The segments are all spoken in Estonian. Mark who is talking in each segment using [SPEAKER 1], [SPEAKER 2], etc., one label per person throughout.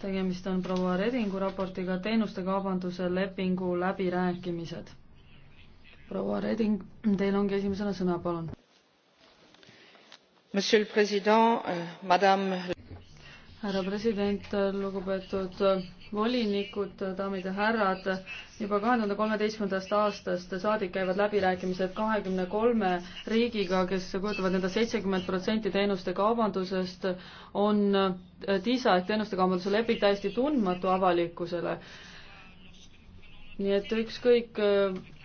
[SPEAKER 1] tegemist on proua Redingu raportiga teenuste kaubanduse lepingu läbirääkimised. proua Reding, teil ongi esimesena sõna, palun. Monsieur le Président, euh, Madame härra president, lugupeetud volinikud, daamid ja härrad, juba kahe tuhande kolmeteistkümnendast aastast saadik käivad läbirääkimised kahekümne kolme riigiga, kes kujutavad endast seitsekümmend protsenti teenuste kaubandusest, on TISA ehk teenuste kaubanduse leping täiesti tundmatu avalikkusele. nii et ükskõik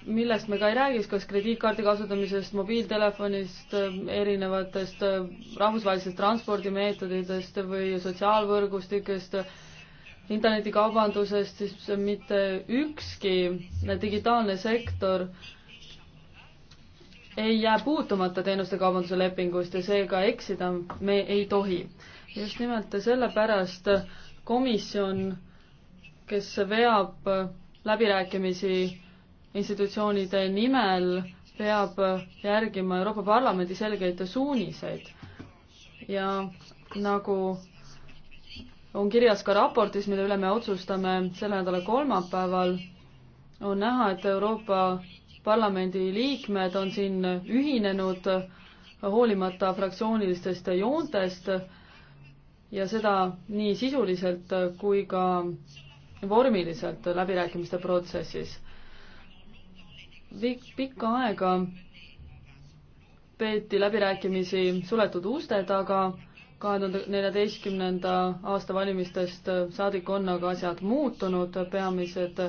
[SPEAKER 1] millest me ka ei räägiks, kas krediitkaardi kasutamisest, mobiiltelefonist, erinevatest äh, rahvusvahelistest transpordimeetoditest või sotsiaalvõrgustikest, internetikaubandusest, siis mitte ükski digitaalne sektor ei jää puutumata teenuste kaubanduse lepingust ja seega eksida me ei tohi. just nimelt sellepärast komisjon, kes veab läbirääkimisi institutsioonide nimel peab järgima Euroopa Parlamendi selgeid suuniseid. ja nagu on kirjas ka raportis, mille üle me otsustame selle nädala kolmapäeval, on näha, et Euroopa Parlamendi liikmed on siin ühinenud hoolimata fraktsioonilistest joontest ja seda nii sisuliselt kui ka vormiliselt läbirääkimiste protsessis pikka aega peeti läbirääkimisi suletud uste taga, kahe tuhande neljateistkümnenda aasta valimistest saadik on aga asjad muutunud, peamised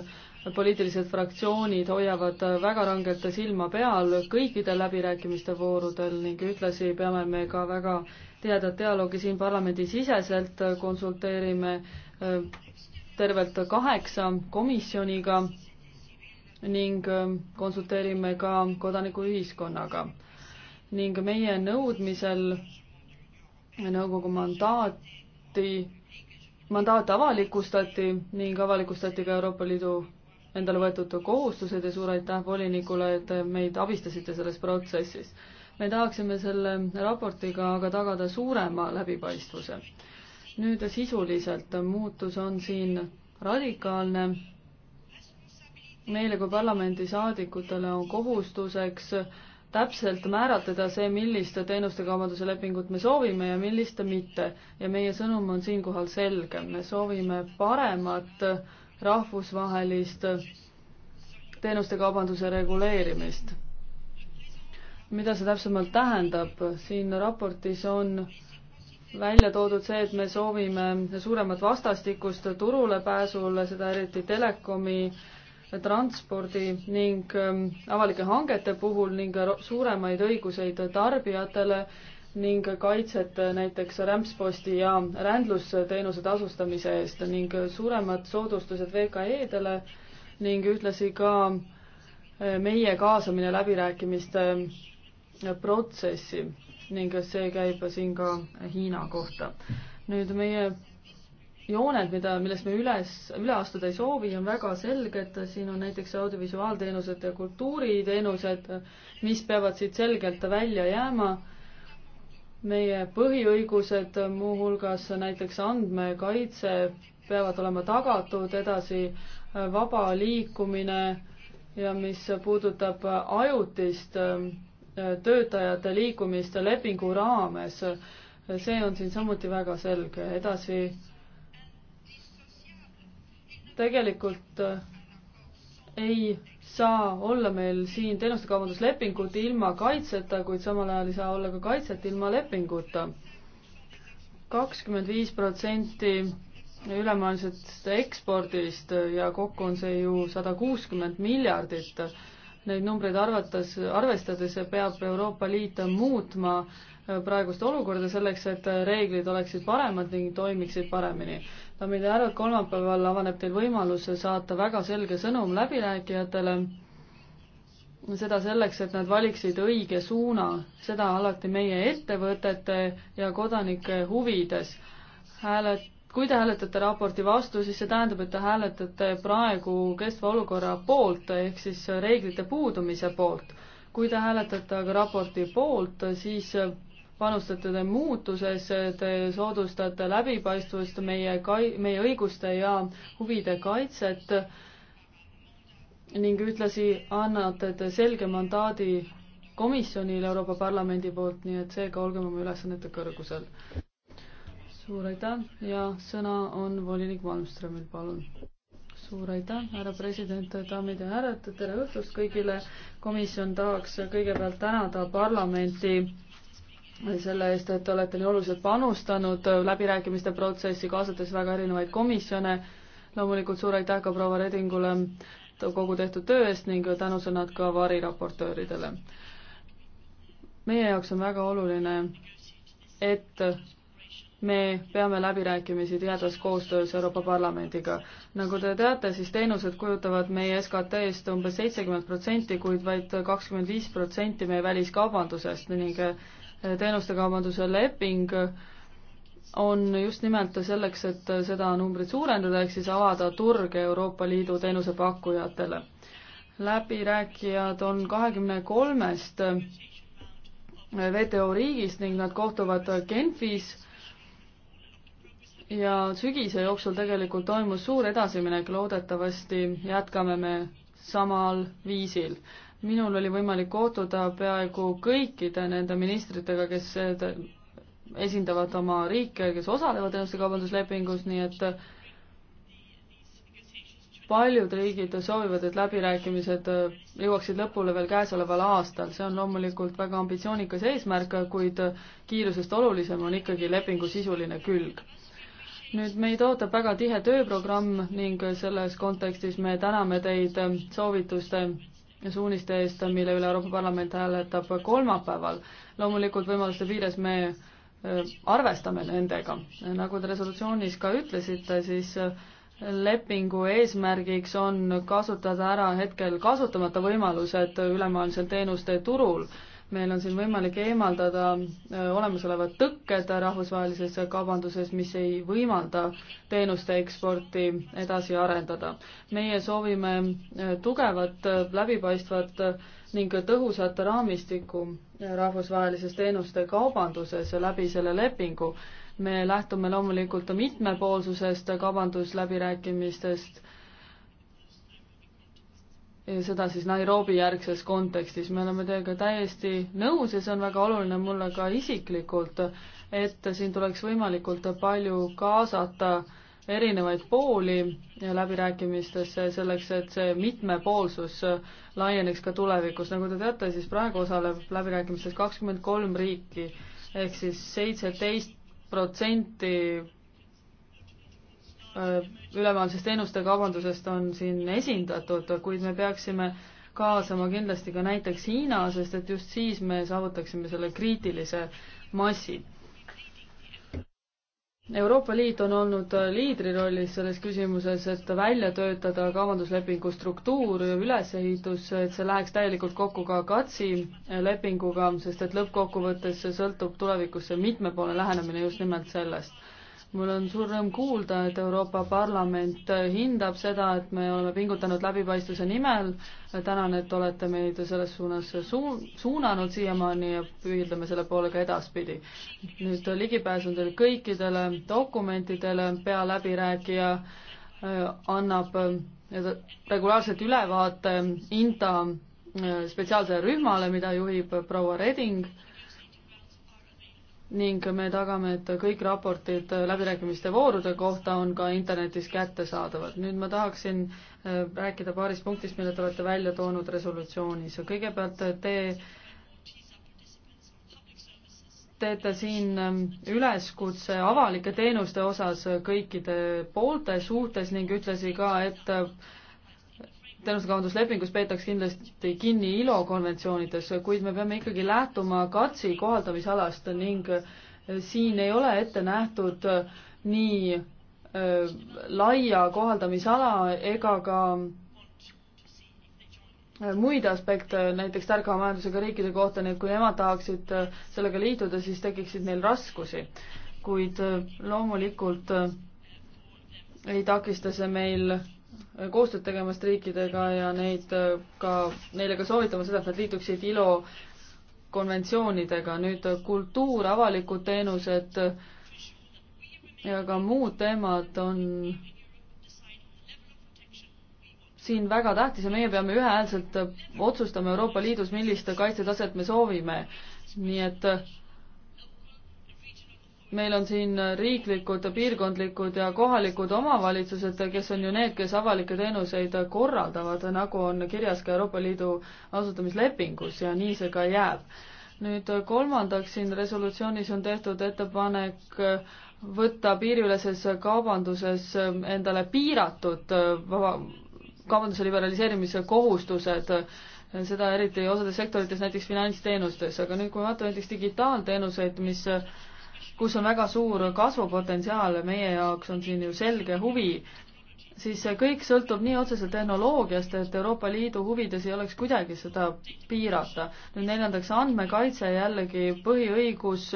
[SPEAKER 1] poliitilised fraktsioonid hoiavad väga rangelt silma peal kõikidel läbirääkimiste voorudel ning ühtlasi peame me ka väga tihedat dialoogi siin parlamendisiseselt, konsulteerime äh, tervelt kaheksa komisjoniga ning ähm, konsulteerime ka kodanikuühiskonnaga. ning meie nõudmisel nõukogu mandaati, mandaat avalikustati ning avalikustati ka Euroopa Liidu endale võetud kohustused ja suur aitäh volinikule, et meid abistasite selles protsessis. me tahaksime selle raportiga aga tagada suurema läbipaistvuse. nüüd sisuliselt muutus on siin radikaalne meile kui parlamendisaadikutele on kohustuseks täpselt määratleda see, milliste teenustekaubanduse lepingut me soovime ja milliste mitte. ja meie sõnum on siinkohal selge, me soovime paremat rahvusvahelist teenustekaubanduse reguleerimist. mida see täpsemalt tähendab, siin raportis on välja toodud see, et me soovime suuremat vastastikust turule pääsule, seda eriti telekomi äh, transpordi ning ähm, avalike hangete puhul ning suuremaid õiguseid tarbijatele ning kaitset näiteks rämpsposti ja rändlusteenuse tasustamise eest ning suuremad soodustused VKE-dele ning ühtlasi ka äh, meie kaasamine läbirääkimiste äh, protsessi ning see käib siin ka Hiina kohta. nüüd meie jooned, mida, millest me üles, üle astuda ei soovi, on väga selged, siin on näiteks audiovisuaalteenused ja kultuuriteenused, mis peavad siit selgelt välja jääma. meie põhiõigused, muuhulgas näiteks andmekaitse, peavad olema tagatud edasi, vaba liikumine ja mis puudutab ajutist äh, töötajate liikumist lepingu raames, see on siin samuti väga selge, edasi tegelikult äh, ei saa olla meil siin teenustekaubanduslepingut ilma kaitseta, kuid samal ajal ei saa olla ka kaitset ilma lepinguta. kakskümmend viis protsenti ülemaailmsest ekspordist ja kokku on see ju sada kuuskümmend miljardit. Neid numbreid arvates, arvestades peab Euroopa Liit muutma äh, praegust olukorda selleks, et reeglid oleksid paremad ning toimiksid paremini daamid ja härrad, kolmapäeval avaneb teil võimalus saata väga selge sõnum läbirääkijatele, seda selleks, et nad valiksid õige suuna, seda alati meie ettevõtete ja kodanike huvides. hääled, kui te hääletate raporti vastu, siis see tähendab, et te hääletate praegu kestva olukorra poolt, ehk siis reeglite puudumise poolt. kui te hääletate aga raporti poolt, siis panustate te muutuses, te soodustate läbipaistvust, meie kai-, meie õiguste ja huvide kaitset ning ühtlasi annate te selge mandaadi komisjonile Euroopa Parlamendi poolt, nii et seega olgem oma ülesannete kõrgusel. suur aitäh ja sõna on volinik Malmströmil, palun. suur aitäh, härra president, daamid ja härrad, tere õhtust kõigile. komisjon tahaks kõigepealt tänada parlamenti selle eest, et olete nii oluliselt panustanud läbirääkimiste protsessi, kaasates väga erinevaid komisjone. loomulikult suur aitäh ka proua Redingule kogu tehtud töö eest ning tänusõnad ka variraportööridele. meie jaoks on väga oluline, et me peame läbirääkimisi tihedas koostöös Euroopa Parlamendiga. nagu te teate, siis teenused kujutavad meie SKT-st umbes seitsekümmend protsenti, kuid vaid kakskümmend viis protsenti meie väliskaubandusest ning teenuste kaubanduse leping on just nimelt selleks, et seda numbrit suurendada, ehk siis avada turg Euroopa Liidu teenusepakkujatele. läbirääkijad on kahekümne kolmest WTO riigist ning nad kohtuvad Genfis ja sügise jooksul tegelikult toimus suur edasiminek, loodetavasti jätkame me samal viisil minul oli võimalik kohtuda peaaegu kõikide nende ministritega, kes eh, esindavad oma riike, kes osalevad enesekaubanduslepingus, nii et paljud riigid soovivad, et läbirääkimised eh, jõuaksid lõpule veel käesoleval aastal, see on loomulikult väga ambitsioonikas eesmärk, kuid kiirusest olulisem on ikkagi lepingu sisuline külg. nüüd meid ootab väga tihe tööprogramm ning selles kontekstis me täname teid soovituste suuniste eest, mille üle Euroopa Parlament hääletab kolmapäeval. loomulikult võimaluste piires me äh, arvestame nendega. nagu te resolutsioonis ka ütlesite, siis äh, lepingu eesmärgiks on kasutada ära hetkel kasutamata võimalused ülemaailmsel teenuste turul meil on siin võimalik eemaldada äh, olemasolevad tõkked rahvusvahelises kaubanduses, mis ei võimalda teenuste eksporti edasi arendada. meie soovime äh, tugevat, äh, läbipaistvat ning tõhusat raamistikku rahvusvahelises teenuste kaubanduses läbi selle lepingu. me lähtume loomulikult mitmepoolsusest kaubandusläbirääkimistest seda siis Nairobi järgses kontekstis, me oleme teiega täiesti nõus ja see on väga oluline mulle ka isiklikult, et siin tuleks võimalikult palju kaasata erinevaid pooli läbirääkimistesse selleks, et see mitmepoolsus laieneks ka tulevikus. nagu te teate, siis praegu osaleb läbirääkimistes kakskümmend kolm riiki ehk siis seitseteist protsenti Äh, ülemaailmsest teenuste kaubandusest on siin esindatud, kuid me peaksime kaasama kindlasti ka näiteks Hiina, sest et just siis me saavutaksime selle kriitilise massi. Euroopa Liit on olnud liidrirollis selles küsimuses, et välja töötada kaubanduslepingu struktuur, ülesehitus, et see läheks täielikult kokku ka GATS-i lepinguga, sest et lõppkokkuvõttes see sõltub tulevikus, see mitmepoolne lähenemine just nimelt sellest mul on suur rõõm kuulda, et Euroopa Parlament hindab seda, et me oleme pingutanud läbipaistvuse nimel. tänan, et olete meid selles suunas suu-, suunanud siiamaani ja püüdleme selle poole ka edaspidi. nüüd ligipääs on teil kõikidele dokumentidele, pealäbirääkija äh, annab äh, regulaarselt ülevaate INTA äh, spetsiaalsele rühmale, mida juhib proua Reding ning me tagame, et kõik raportid läbirääkimiste voorude kohta on ka internetis kättesaadavad. nüüd ma tahaksin äh, rääkida paarist punktist, mille te olete välja toonud resolutsioonis. kõigepealt te teete siin ähm, üleskutse avalike teenuste osas kõikide poolte suhtes ning ütlesi ka, et äh, teenusekaubanduslepingus peetakse kindlasti kinni ILO konventsioonides, kuid me peame ikkagi lähtuma katsi kohaldamisalast ning eh, siin ei ole ette nähtud eh, nii äh, laia kohaldamisala ega ka muid aspekte, näiteks targa majandusega riikide kohta, nii et kui nemad tahaksid sellega liituda, siis tekiksid neil raskusi. kuid loomulikult ei takista see meil koostööd tegemast riikidega ja neid äh, ka, neile ka soovitama seda, et nad liituksid ILO konventsioonidega. nüüd äh, kultuur, avalikud teenused äh, ja ka muud teemad on siin väga tähtis ja meie peame ühehäälselt otsustama Euroopa Liidus, millist kaitsetaset me soovime. nii et äh, meil on siin riiklikud, piirkondlikud ja kohalikud omavalitsused, kes on ju need, kes avalikke teenuseid korraldavad, nagu on kirjas ka Euroopa Liidu asutamislepingus ja nii see ka jääb. nüüd kolmandaks siin resolutsioonis on tehtud ettepanek võtta piiriüleses kaubanduses endale piiratud kaubanduse liberaliseerimise kohustused seda eriti osades sektorites, näiteks finantsteenustes, aga nüüd, kui vaatame näiteks digitaalteenuseid, mis kus on väga suur kasvupotentsiaal, meie jaoks on siin ju selge huvi, siis see kõik sõltub nii otseselt tehnoloogiast, et Euroopa Liidu huvides ei oleks kuidagi seda piirata. nüüd neljandaks, andmekaitse jällegi põhiõigus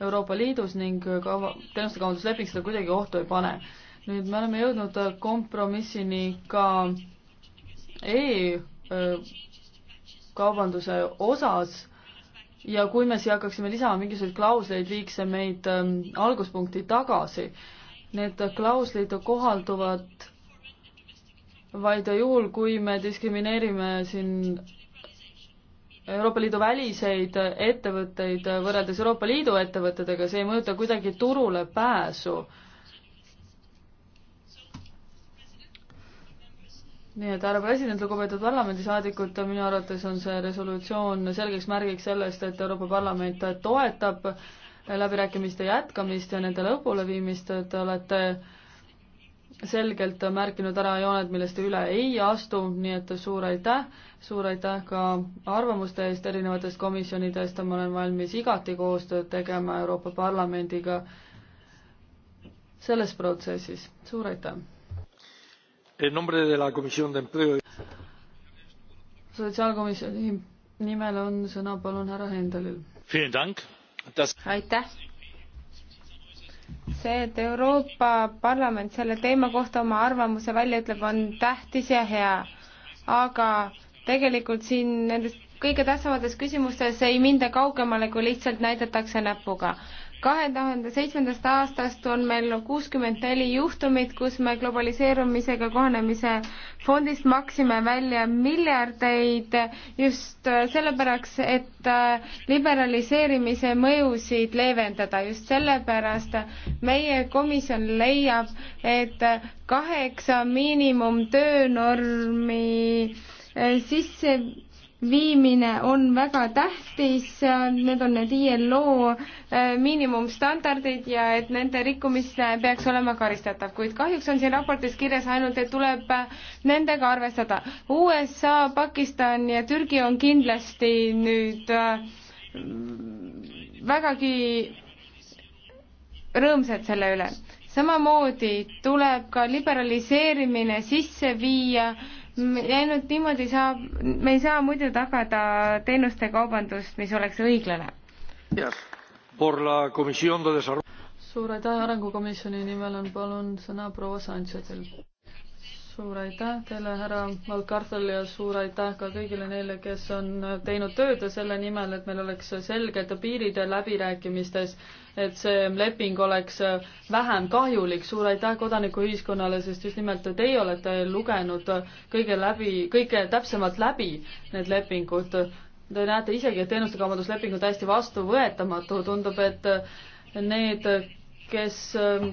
[SPEAKER 1] Euroopa Liidus ning kava, teenuste kaubandusleping seda kuidagi ohtu ei pane. nüüd me oleme jõudnud kompromissini ka e-kaubanduse osas ja kui me siia hakkaksime lisama mingisuguseid klausleid, viiks see meid ähm, alguspunkti tagasi. Need klauslid kohalduvad vaid juhul, kui me diskrimineerime siin Euroopa Liidu väliseid ettevõtteid võrreldes Euroopa Liidu ettevõtetega, see ei mõjuta kuidagi turule pääsu äh, nii et härra president, lugupeetud parlamendisaadikud, minu arvates on see resolutsioon selgeks märgiks sellest, et Euroopa Parlament toetab läbirääkimiste jätkamist ja nende lõpuleviimist, te olete selgelt märkinud ära jooned, millest te üle ei astu, nii et suur aitäh, suur aitäh ka arvamuste eest erinevatest komisjonidest, ma olen valmis igati koostööd tegema Euroopa Parlamendiga selles protsessis, suur aitäh! sotsiaalkomisjoni nimel on sõna palun härra Hendelil. aitäh see, et Euroopa Parlament selle teema kohta
[SPEAKER 2] oma arvamuse välja ütleb, on tähtis ja hea. aga tegelikult siin nendes kõige tähtsamates küsimustes ei minda kaugemale, kui lihtsalt näidatakse näpuga kahe tuhande seitsmendast aastast on meil kuuskümmend neli juhtumit, kus me globaliseerumisega kohanemise fondist maksime välja miljardeid just sellepärast, et äh, liberaliseerimise mõjusid leevendada. just sellepärast meie komisjon leiab, et kaheksa miinimumtöönormi äh, sisse viimine on väga tähtis, need on need ILO äh, miinimumstandardid ja et nende rikkumine peaks olema karistatav, kuid kahjuks on siin raportis kirjas ainult, et tuleb äh, nendega arvestada. USA, Pakistan ja Türgi on kindlasti nüüd äh, vägagi rõõmsad selle üle. samamoodi tuleb ka liberaliseerimine sisse viia ainult niimoodi saab, me ei saa muidu
[SPEAKER 1] tagada teenuste kaubandust, mis oleks õiglane yes.. suur aitäh, Arengukomisjoni nimel on palun sõna proua Sanchezil. suur aitäh teile, härra Valkartel ja suur aitäh ka kõigile neile, kes on teinud tööd selle nimel, et meil oleks selged piirid läbirääkimistes et see leping oleks vähem kahjulik. suur aitäh kodanikuühiskonnale, sest just nimelt teie olete lugenud kõige läbi, kõige täpsemalt läbi need lepingud. Te näete isegi, et teenustekaubandusleping on täiesti vastuvõetamatu, tundub, et need kes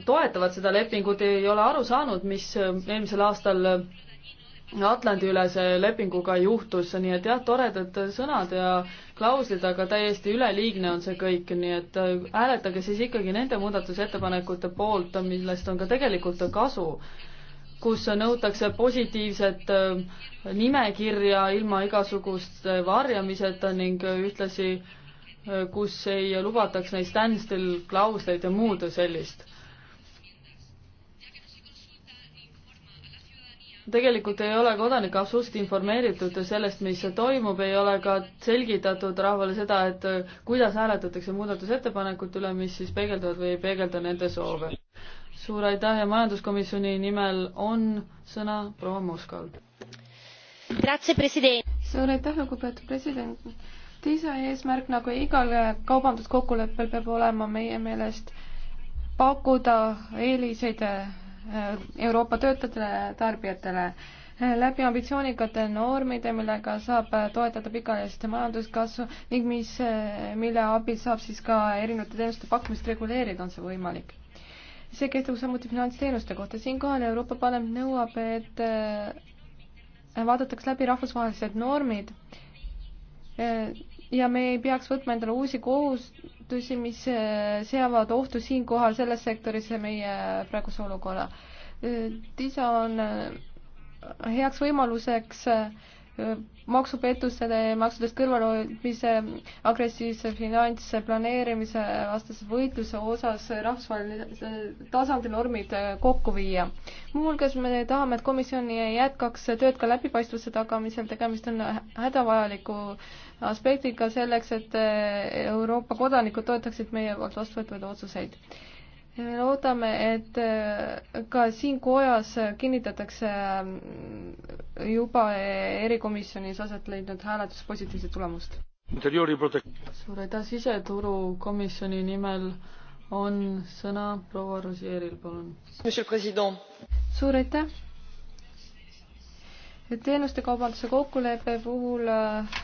[SPEAKER 1] toetavad seda lepingut, ei ole aru saanud, mis eelmisel aastal Atlandi-ülese lepinguga juhtus, nii et jah, toredad sõnad ja klauslid, aga täiesti üleliigne on see kõik, nii et äh, hääletage siis ikkagi nende muudatusettepanekute poolt, millest on ka tegelikult kasu, kus nõutakse positiivset äh, nimekirja ilma igasuguste varjamiseta ning ühtlasi äh, kus ei lubataks neid standstill klausleid ja muud sellist tegelikult ei ole kodanik absoluutselt informeeritud sellest, mis toimub, ei ole ka selgitatud rahvale seda, et kuidas hääletatakse muudatusettepanekute üle, mis siis peegeldavad või ei peegelda nende soove. suur aitäh ja majanduskomisjoni nimel on sõna proua Moskval.
[SPEAKER 3] suur aitäh, lugupeetud president. teise eesmärk nagu igal kaubanduskokkuleppel peab olema meie meelest pakkuda eeliseid Euroopa töötajatele ja tarbijatele. läbi ambitsioonikate normide, millega saab toetada pikaajalist majanduskasvu ning mis, mille abil saab siis ka erinevate teenuste pakkumist reguleerida, on see võimalik. see kehtib samuti finantsteenuste kohta. siinkohal Euroopa Parlament nõuab, et äh, vaadatakse läbi rahvusvahelised normid äh, ja me ei peaks võtma endale uusi kohustusi, mis äh, seavad ohtu siinkohal selles sektoris meie praeguse olukorra. Äh, TISA on äh, heaks võimaluseks äh, maksupettusele ja maksudest kõrvalhoidmise, agressiivse finantsse planeerimise vastase võitluse osas rahvusvaheline tasandil normid kokku viia. muuhulgas me tahame, et komisjon jätkaks tööd ka läbipaistvuse tagamisel, tegemist on hädavajaliku aspektiga selleks, et Euroopa kodanikud toetaksid meie poolt vastu võetud otsuseid me loodame, et äh, ka siin kojas
[SPEAKER 1] kinnitatakse äh, juba erikomisjonis aset leidnud hääletus positiivset tulemust. suur aitäh, siseturukomisjoni nimel on sõna proua Rosieril, palun. suur
[SPEAKER 3] aitäh. teenuste kaubanduse kokkuleppe puhul äh,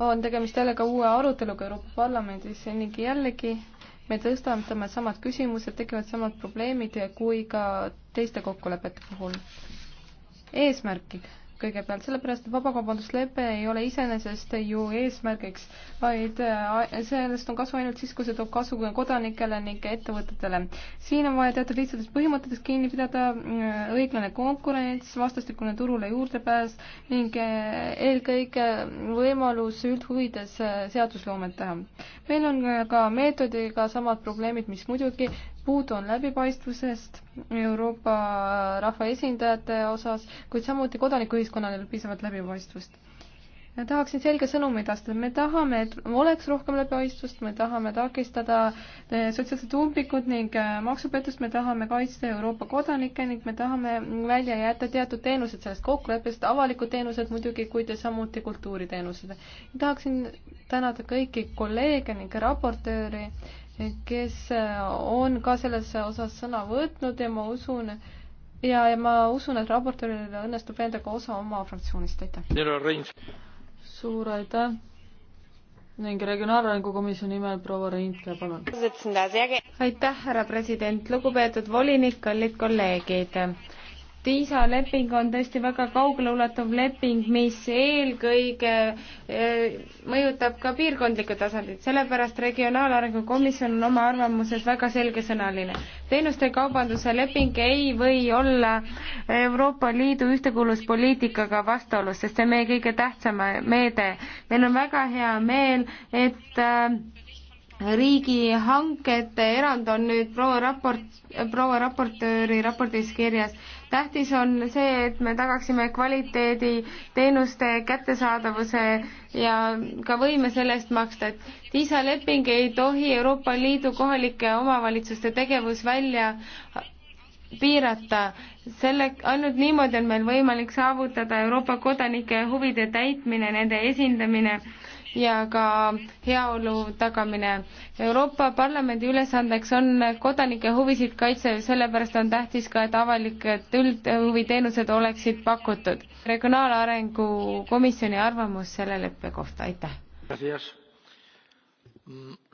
[SPEAKER 3] on tegemist jälle ka uue aruteluga Euroopa Parlamendis ning jällegi me tõstatame samad küsimused, tekivad samad probleemid kui ka teiste kokkulepete puhul. eesmärgid kõigepealt, sellepärast et vabakaubanduslepe ei ole iseenesest ju eesmärgiks, vaid äh, sellest on kasu ainult siis, kui see toob kasu kodanikele ning ettevõtetele. siin on vaja teatud lihtsatest põhimõtetest kinni pidada, äh, õiglane konkurents, vastastikune turule juurdepääs ning äh, eelkõige võimalus üldhuvides seadusloomet teha. meil on ka meetodiga samad probleemid, mis muidugi puudu on läbipaistvusest Euroopa rahvaesindajate osas, kuid samuti kodanikuühiskonnal ei ole piisavalt läbipaistvust. tahaksin selge sõnumi edastada, me tahame, et oleks rohkem läbipaistvust, me tahame takistada eh, sotsiaalset umbikut ning eh, maksupettust, me tahame kaitsta Euroopa kodanikke ning me tahame välja jätta teatud teenused sellest kokkuleppest, avalikud teenused muidugi, kuid samuti kultuuriteenused. tahaksin tänada kõiki kolleege ning raportööri kes on ka selles osas sõna võtnud ja ma usun,
[SPEAKER 1] ja, ja ma usun, et raportööril õnnestub endaga osa oma fraktsioonist,
[SPEAKER 3] aitäh.
[SPEAKER 1] suur aitäh ning Regionaalarengu Komisjoni nimel proua Reinke, palun.
[SPEAKER 2] aitäh, härra president, lugupeetud volinik, kallid kolleegid TISA leping on tõesti väga kaugeleulatuv leping, mis eelkõige eh, mõjutab ka piirkondlikku tasandit, sellepärast Regionaalarengu Komisjon on oma arvamuses väga selgesõnaline. teenuste kaubanduse leping ei või olla Euroopa Liidu ühtekuuluvuspoliitikaga vastuolus, sest see on meie kõige tähtsam meede. meil on väga hea meel, et eh, riigihankete erand on nüüd proua raport, proua raportööri raportis kirjas tähtis on see, et me tagaksime kvaliteedi, teenuste kättesaadavuse ja ka võime selle eest maksta, et TISA leping ei tohi Euroopa Liidu kohalike omavalitsuste tegevus välja piirata, selle, ainult niimoodi on meil võimalik saavutada Euroopa kodanike huvide täitmine, nende esindamine ja ka heaolu tagamine. Euroopa Parlamendi ülesandeks on kodanike huvisid kaitse, sellepärast on tähtis ka, et avalikud üldhuviteenused oleksid pakutud. regionaalarengu komisjoni
[SPEAKER 1] arvamus selle leppe kohta, aitäh.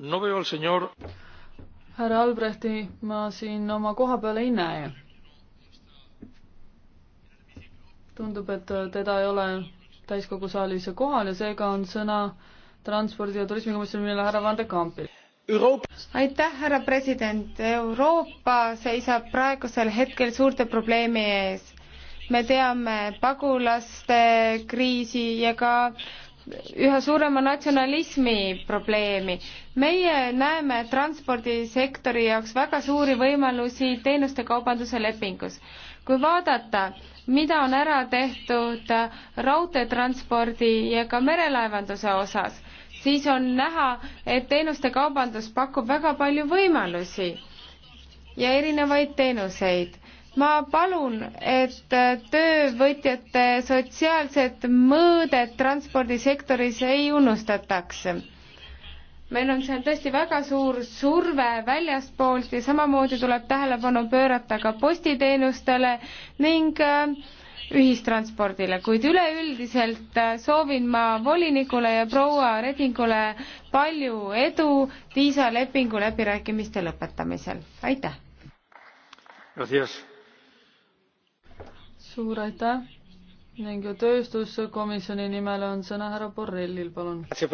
[SPEAKER 1] No veo al señor härra Albrechti ma siin oma koha peal ei näe. tundub, et teda ei ole täiskogu saalis kohal ja seega on sõna transpordi- ja turismikomisjonile härra Van de Kampil.
[SPEAKER 2] Euroopa... aitäh, härra president, Euroopa seisab praegusel hetkel suurte probleemi ees. me teame pagulaste kriisi ja ka üha suurema natsionalismi probleemi. meie näeme transpordisektori jaoks väga suuri võimalusi teenuste kaubanduse lepingus. kui vaadata, mida on ära tehtud raudteetranspordi ja ka merelaevanduse osas, siis on näha, et teenuste kaubandus pakub väga palju võimalusi ja erinevaid teenuseid. ma palun, et töövõtjate sotsiaalset mõõdet transpordisektoris ei unustataks meil on seal tõesti väga suur surve väljastpoolt ja samamoodi tuleb tähelepanu pöörata ka postiteenustele ning äh, ühistranspordile, kuid üleüldiselt äh, soovin ma volinikule ja proua Redingule palju edu
[SPEAKER 1] viisalepingu läbirääkimiste
[SPEAKER 2] lõpetamisel,
[SPEAKER 1] aitäh! suur aitäh! ning tööstuskomisjoni nimel on sõna härra Borrellil, palun.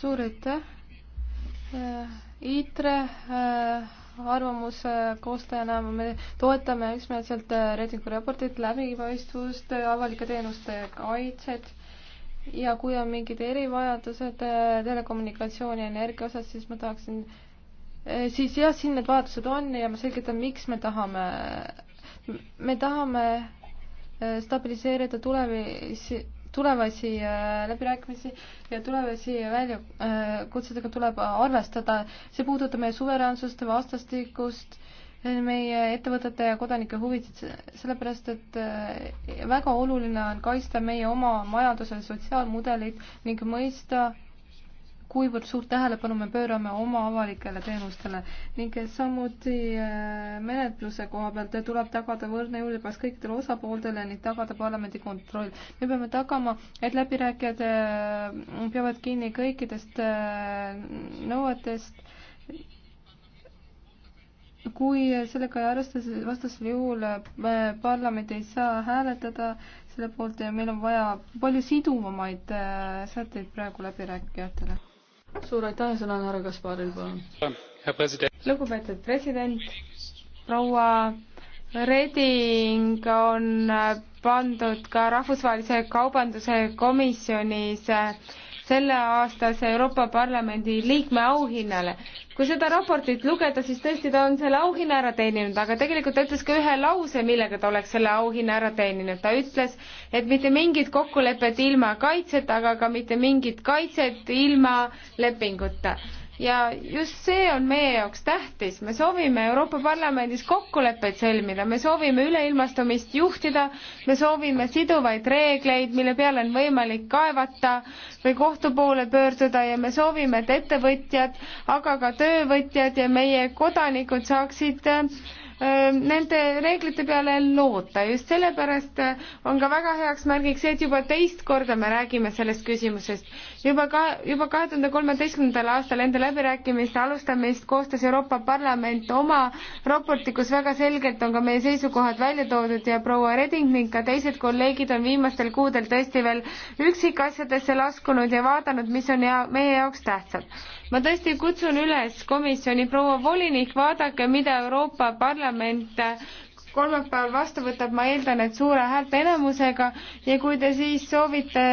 [SPEAKER 1] suur aitäh.
[SPEAKER 3] Äh, ITRE äh, arvamuse koostajana me toetame üksmeelselt äh, reitingu raportit, läbipaistvust, avalike teenuste kaitset ja kui on mingid erivajadused telekommunikatsiooni ja energia osas, siis ma tahaksin, siis jah, siin need vajadused on ja ma selgitan, miks me tahame, me tahame Äh, stabiliseerida tulevisi tulevasi äh, läbirääkimisi ja tulevasi väljakutsedega tuleb arvestada. see puudutab meie suveräänsust, vastastikust, meie ettevõtete ja kodanike huvisid, sellepärast et äh, väga oluline on kaitsta meie oma majanduse sotsiaalmudelit ning mõista kuivõrd suurt tähelepanu me pöörame oma avalikele teenustele ning samuti äh, menetluse koha pealt tuleb tagada võrdne juurdepääs kõikidele osapooltele ning tagada parlamendi kontroll. me peame tagama, et läbirääkijad äh, peavad kinni kõikidest äh, nõuetest. kui sellega ei arvesta, siis vastasel juhul parlament ei saa hääletada selle poolt ja meil on vaja palju siduvamaid sätteid praegu läbirääkijatele suur aitäh
[SPEAKER 2] ja sõna on härra Kasparil,
[SPEAKER 1] palun.
[SPEAKER 2] lugupeetud president, proua Reding on pandud ka Rahvusvahelise Kaubanduse Komisjonis selleaastase Euroopa Parlamendi liikme auhinnale. kui seda raportit lugeda, siis tõesti ta on selle auhinna ära teeninud, aga tegelikult ta ütles ka ühe lause, millega ta oleks selle auhinna ära teeninud. ta ütles, et mitte mingit kokkulepet ilma kaitset, aga ka mitte mingit kaitset ilma lepinguta ja just see on meie jaoks tähtis, me soovime Euroopa Parlamendis kokkuleppeid sõlmida, me soovime üleilmastumist juhtida, me soovime siduvaid reegleid, mille peale on võimalik kaevata või kohtu poole pöörduda ja me soovime, et ettevõtjad, aga ka töövõtjad ja meie kodanikud saaksid äh, Ehm, nende reeglite peale loota. just sellepärast eh, on ka väga heaks märgiks see, et juba teist korda me räägime sellest küsimusest. juba ka, juba kahe tuhande kolmeteistkümnendal aastal enda läbirääkimiste alustamist koostas Euroopa Parlament oma raporti, kus väga selgelt on ka meie seisukohad välja toodud ja proua Reding ning ka teised kolleegid on viimastel kuudel tõesti veel üksikasjadesse laskunud ja vaadanud, mis on ja meie jaoks tähtsad ma tõesti kutsun üles komisjoni, proua volinik, vaadake, mida Euroopa Parlament kolmapäeval vastu võtab, ma eeldan, et suure häälteenamusega ja kui te siis soovite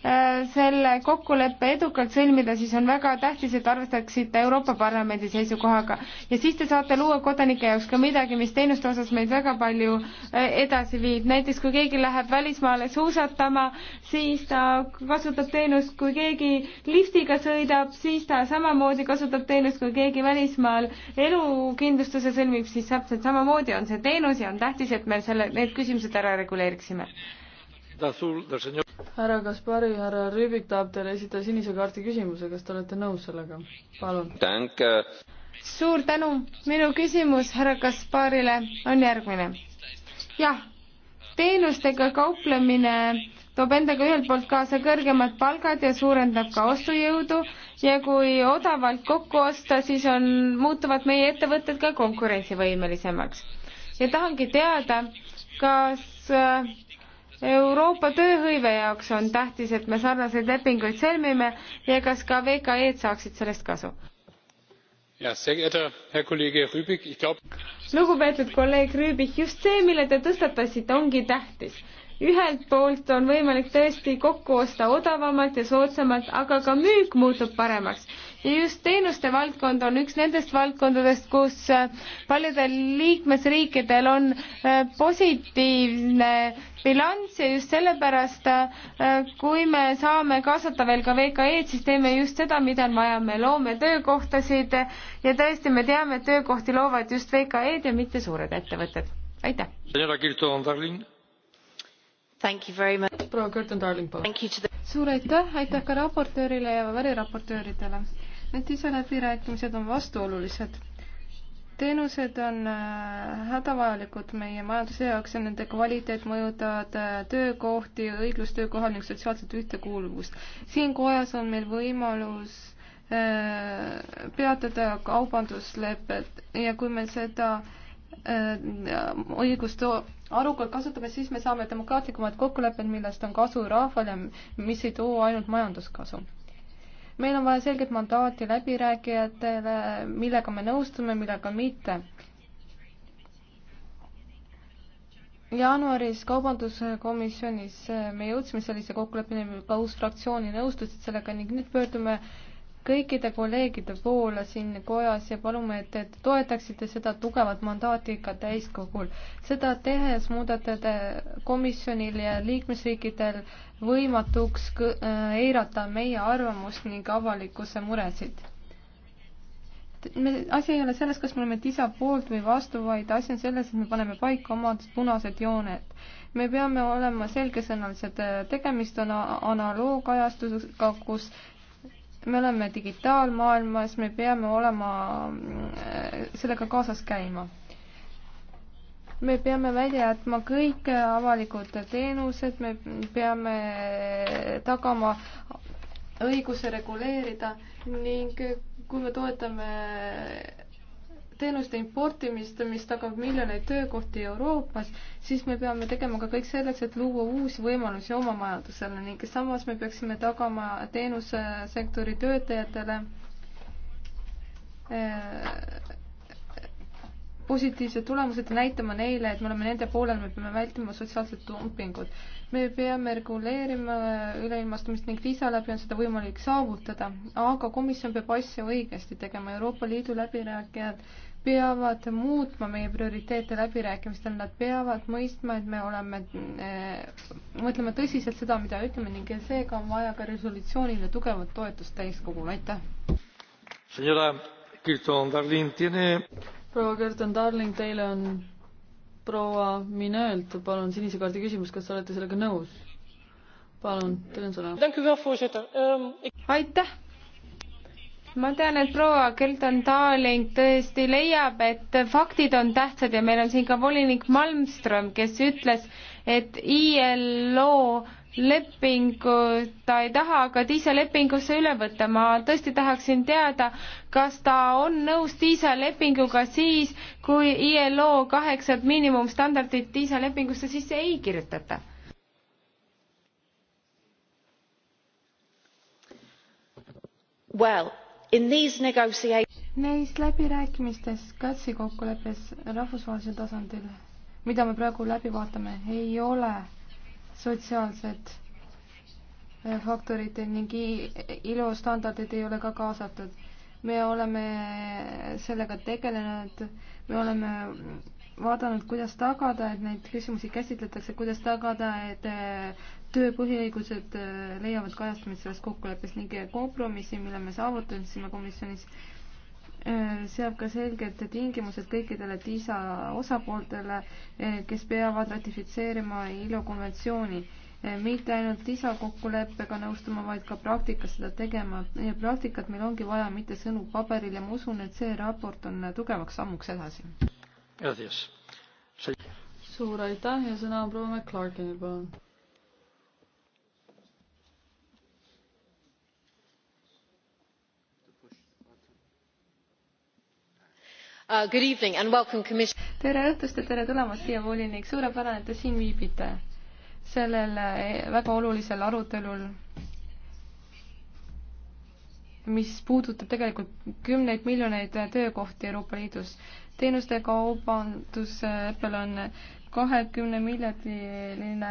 [SPEAKER 2] Äh, selle kokkuleppe edukalt sõlmida, siis on väga tähtis, et arvestaksite Euroopa Parlamendi seisukohaga. ja siis te saate luua kodanike jaoks ka midagi, mis teenuste osas meid väga palju äh, edasi viib. näiteks kui keegi läheb välismaale suusatama, siis ta kasutab teenust, kui keegi liftiga sõidab, siis ta samamoodi kasutab teenust, kui keegi välismaal elukindlustuse sõlmib, siis täpselt samamoodi
[SPEAKER 1] on see teenus ja on tähtis, et me selle, need küsimused ära reguleeriksime härra Kaspari, härra Rüübik tahab teile esitada sinise kaardi küsimuse, kas te olete nõus sellega?
[SPEAKER 3] palun.
[SPEAKER 2] suur tänu, minu küsimus härra Kasparile on järgmine. jah, teenustega kauplemine toob endaga ühelt poolt kaasa kõrgemad palgad ja suurendab ka ostujõudu ja kui odavalt kokku osta, siis on, muutuvad meie ettevõtted ka konkurentsivõimelisemaks. ja tahangi teada, kas äh, Euroopa tööhõive jaoks on tähtis, et me sarnaseid lepinguid sõlmime ja kas ka VKE-d saaksid sellest kasu?
[SPEAKER 3] Glaub...
[SPEAKER 2] lugupeetud kolleeg Rüübik, just see, mille te tõstatasite, ongi tähtis ühelt poolt on võimalik tõesti kokku osta odavamalt ja soodsamalt, aga ka müük muutub paremaks ja just teenuste valdkond on üks nendest valdkondadest, kus äh, paljudel liikmesriikidel on äh, positiivne bilanss ja just sellepärast, äh, kui me saame kaasata veel ka VKE-d, siis teeme just seda, mida on vaja, me loome töökohtasid ja tõesti, me teame, et töökohti loovad just VKE-d ja mitte suured ettevõtted. aitäh!
[SPEAKER 1] proua Curtin-Darling,
[SPEAKER 3] palun! suur aitäh, aitäh ka raportöörile ja variraportööridele! et ise läbirääkimised on vastuolulised. teenused on äh, hädavajalikud meie majanduse jaoks ja nende kvaliteet mõjutavad äh, töökohti, õiglust töökohal ning sotsiaalset ühtekuuluvust. siin kojas on meil võimalus äh, peatada kaubanduslepet ja kui me seda õigust arukalt kasutame, siis me saame demokraatlikumad kokkulepped, millest on kasu rahvale, mis ei too ainult majanduskasu meil on vaja selget mandaati läbirääkijatele, millega me nõustume, millega mitte. jaanuaris Kaubanduskomisjonis me jõudsime sellise kokkuleppeni, ka uus fraktsiooni nõustusid sellega ning nüüd pöördume kõikide kolleegide poole siin kojas ja palume, et te toetaksite seda tugevat mandaati ka täiskogul. seda tehes muudate te komisjonil ja liikmesriikidel võimatuks äh, eirata meie arvamust ning avalikkuse muresid. me, asi ei ole selles, kas me oleme tisa poolt või vastu, vaid asi on selles, et me paneme paika omad punased jooned me peame olema selgesõnalised, tegemist on analoogajastusega, kus me oleme digitaalmaailmas, me peame olema äh, sellega kaasas käima. me peame välja jätma kõik avalikud teenused, me peame tagama õiguse reguleerida ning kui me toetame teenuste importimist, mis tagab miljoneid töökohti Euroopas, siis me peame tegema ka kõik selleks, et luua uusi võimalusi oma majandusele ning samas me peaksime tagama teenussektori töötajatele eh, positiivsed tulemused ja näitama neile, et me oleme nende poolel, me peame vältima sotsiaalset dumpingut. me peame reguleerima üleilmastumist ning viisa läbi on seda võimalik saavutada, aga komisjon peab asja õigesti tegema, Euroopa Liidu läbirääkijad peavad muutma meie prioriteete läbirääkimistel, nad peavad mõistma, et me oleme, eh, mõtleme tõsiselt seda, mida ütleme ning seega on vaja ka resolutsioonile tugevat toetust täiskogul, aitäh.
[SPEAKER 1] proua Kirton Darling, teile on proua Minöölt, palun sinise kaardi küsimus, kas olete sellega nõus? palun, teil on sõna. Ehm, aitäh ma tean,
[SPEAKER 2] et proua Kelton Darling tõesti leiab, et faktid on tähtsad ja meil on siin ka volinik Malmström, kes ütles, et ILO lepingut ta ei taha, aga TISA lepingusse üle võtta. ma tõesti tahaksin teada, kas ta on nõus TISA lepinguga siis, kui ILO kaheksat miinimumstandardit TISA lepingusse sisse ei kirjutata
[SPEAKER 1] well
[SPEAKER 3] Neis läbirääkimistes, Katsi kokkuleppes rahvusvahelisel tasandil, mida me praegu läbi vaatame, ei ole sotsiaalsed eh, faktorid ning ILO standardid ei ole ka kaasatud. me oleme sellega tegelenud, me oleme vaadanud, kuidas tagada, et neid küsimusi käsitletakse, kuidas tagada, et eh, tööpõhiõigused äh, leiavad kajastamist selles kokkuleppes ning kompromissi, mille me saavutasime komisjonis, äh, seab ka selged tingimused kõikidele TISA osapooltele, äh, kes peavad ratifitseerima ILO konventsiooni. mitte ainult TISA kokkuleppega nõustuma, vaid ka praktikas seda tegema ja praktikat meil ongi vaja, mitte sõnu paberil ja ma usun, et see raport on tugevaks sammuks edasi.
[SPEAKER 1] suur aitäh ja sõna on proua McClarkinil, palun
[SPEAKER 2] Uh, tere
[SPEAKER 3] õhtust ja tere tulemast siia, volinik, suurepärane, et te siin viibite sellel eh, väga olulisel arutelul, mis puudutab tegelikult kümneid miljoneid töökohti Euroopa Liidus. teenuste kaubandusõppel on kahekümne miljardiline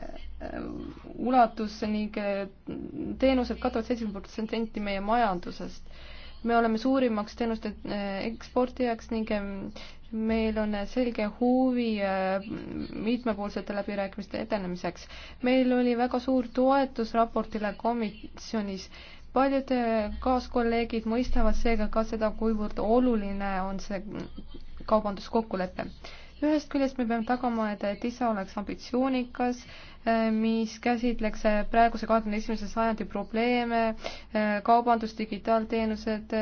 [SPEAKER 3] eh, ulatus ning eh, teenused katavad seitsekümmend protsenti meie majandusest me oleme suurimaks teenuste eh, eksportijaks ning eh, meil on selge huvi eh, mitmepoolsete läbirääkimiste edenemiseks. meil oli väga suur toetus raportile komisjonis. paljud kaaskolleegid mõistavad seega ka seda, kuivõrd oluline on see kaubanduskokkulepe ühest küljest me peame tagama, et, et isa oleks ambitsioonikas, äh, mis käsitleks äh, praeguse kahekümne esimese sajandi probleeme, äh, kaubandus, digitaalteenused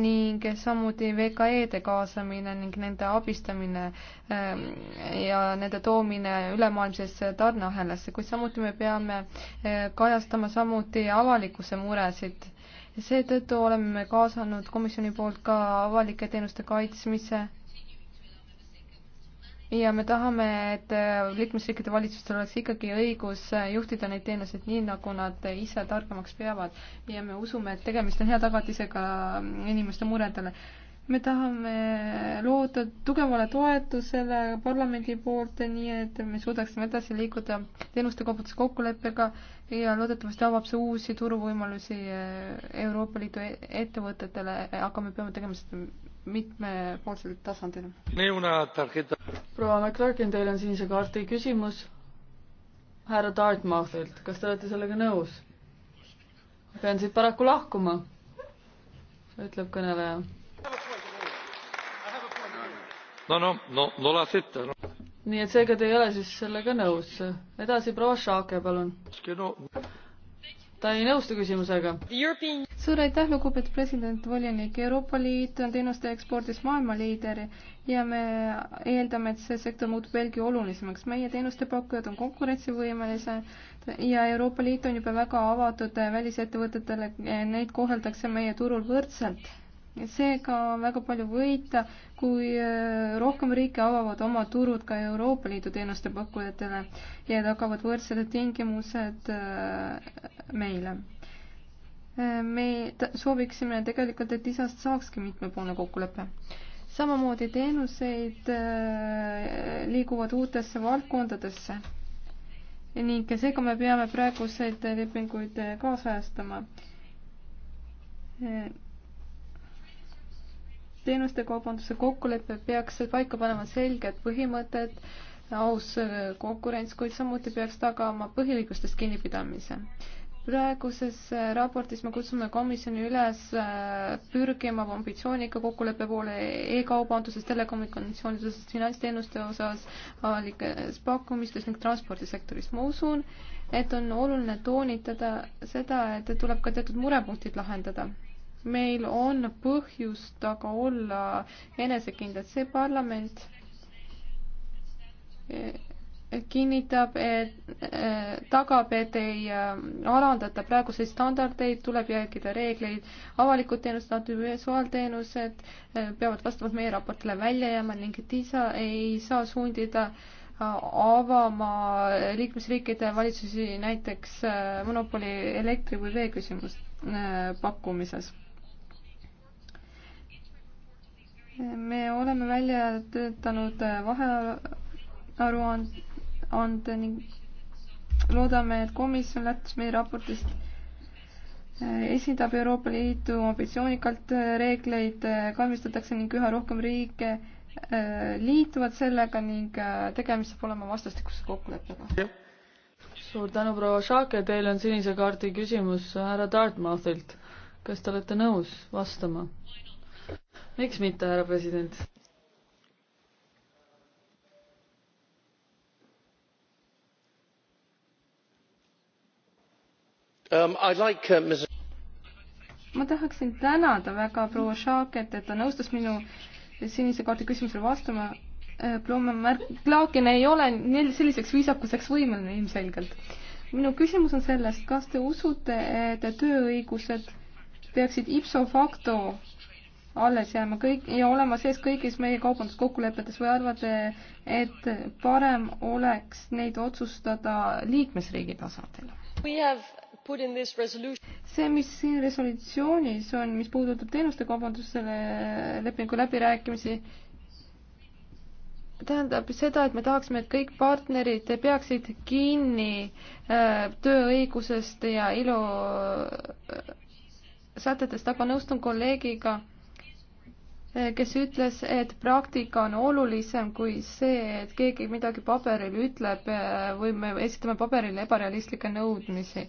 [SPEAKER 3] ning samuti VKE-de kaasamine ning nende abistamine ja nende toomine ülemaailmsesse tarneahelasse, kuid samuti me peame kajastama samuti avalikkuse muresid seetõttu oleme me kaasanud komisjoni poolt ka avalike teenuste kaitsmise ja me tahame, et äh, liikmesriikide valitsustel oleks ikkagi õigus äh, juhtida neid teenuseid nii, nagu nad äh, ise targemaks peavad ja me usume, et tegemist on hea tagatisega inimeste muredele. me tahame loota tugevale toetusele parlamendi poolt, nii et me suudaksime edasi liikuda teenuste kaubanduse kokkuleppega ja loodetavasti avab see uusi turuvõimalusi Euroopa
[SPEAKER 1] Liidu e-, ettevõtetele, aga me peame tegema seda mitmepoolsel tasandil. proua McClarkin, teil on sinise kaardi küsimus härra Dartmouthilt, kas te olete sellega nõus? pean siit paraku lahkuma, ütleb kõneleja.
[SPEAKER 3] no no, no, no la sitta no..
[SPEAKER 1] nii et seega te ei ole siis sellega nõus. edasi proua Šaake, palun ta ei nõustu küsimusega European.... suur aitäh,
[SPEAKER 3] lugupeetud president, volinik. Euroopa Liit on teenuste ekspordis maailmaliider ja me eeldame, et see sektor muutub veelgi olulisemaks. meie teenustepakkujad on konkurentsivõimelised ja Euroopa Liit on juba väga avatud välisettevõtetele, neid koheldakse meie turul võrdselt seega on väga palju võita, kui äh, rohkem riike avavad oma turud ka Euroopa Liidu teenuste pakkujatele ja tagavad võrdsed tingimused äh, meile. Äh, me sooviksime tegelikult, et isast saakski mitmepoolne kokkulepe. samamoodi teenuseid liiguvad uutesse valdkondadesse ning seega me peame praeguseid lepinguid kaasajastama teenuste kaubanduse kokkulepe peaks paika panema selged põhimõtted, aus konkurents, kuid samuti peaks tagama põhiõigustest kinnipidamise. praeguses raportis me kutsume komisjoni üles äh, pürgima ambitsioonika kokkuleppe poole e-kaubanduses, telekommunikatsioonides, finantsteenuste osas, avalikes pakkumistes ning transpordisektoris. ma usun, et on oluline toonitada seda, et tuleb ka teatud murepunktid lahendada meil on põhjust aga olla enesekindlad. see parlament eh, kinnitab, et eh, tagab, et ei eh, alandata praeguseid standardeid, tuleb jälgida reegleid, avalikud teenused, audiovisuaalteenused peavad vastavalt meie raportile välja jääma ning TISA ei saa sundida avama liikmesriikide valitsusi näiteks monopoli elektri või vee küsimus pakkumises me oleme välja töötanud vahearuande ning loodame, et komisjon lähtus meie raportist esindab Euroopa Liidu ambitsioonikalt reegleid, kalmistatakse ning üha rohkem riike äh, liituvad sellega ning äh, tegemist saab olema vastastikuse kokkuleppega.
[SPEAKER 1] suur tänu, proua Šake, teil on sinise kaardi küsimus härra Dartmouthilt. kas te olete nõus vastama? miks mitte, härra president?
[SPEAKER 3] Um, uh, ma tahaksin tänada väga proua Šaaket, et ta nõustus minu sinise kaardi küsimusele vastama. Blumenberg, äh, Klaaken ei ole neil selliseks viisakuseks võimeline ilmselgelt. minu küsimus on selles, kas te usute, et tööõigused peaksid ipso facto alles jääma kõik ja olema sees kõigis meie kaubanduskokkulepetes või arvate, et parem oleks neid otsustada liikmesriigi tasandil? see, mis siin resolutsioonis on, mis puudutab teenuste kaubandusele lepingu läbirääkimisi, tähendab seda, et me tahaksime, et kõik partnerid peaksid kinni äh, tööõigusest ja ilu äh, sätetest, aga nõustun kolleegiga äh, kes ütles, et praktika on olulisem kui see, et keegi midagi paberil ütleb äh, või me esitame paberil ebarealistlikke nõudmisi.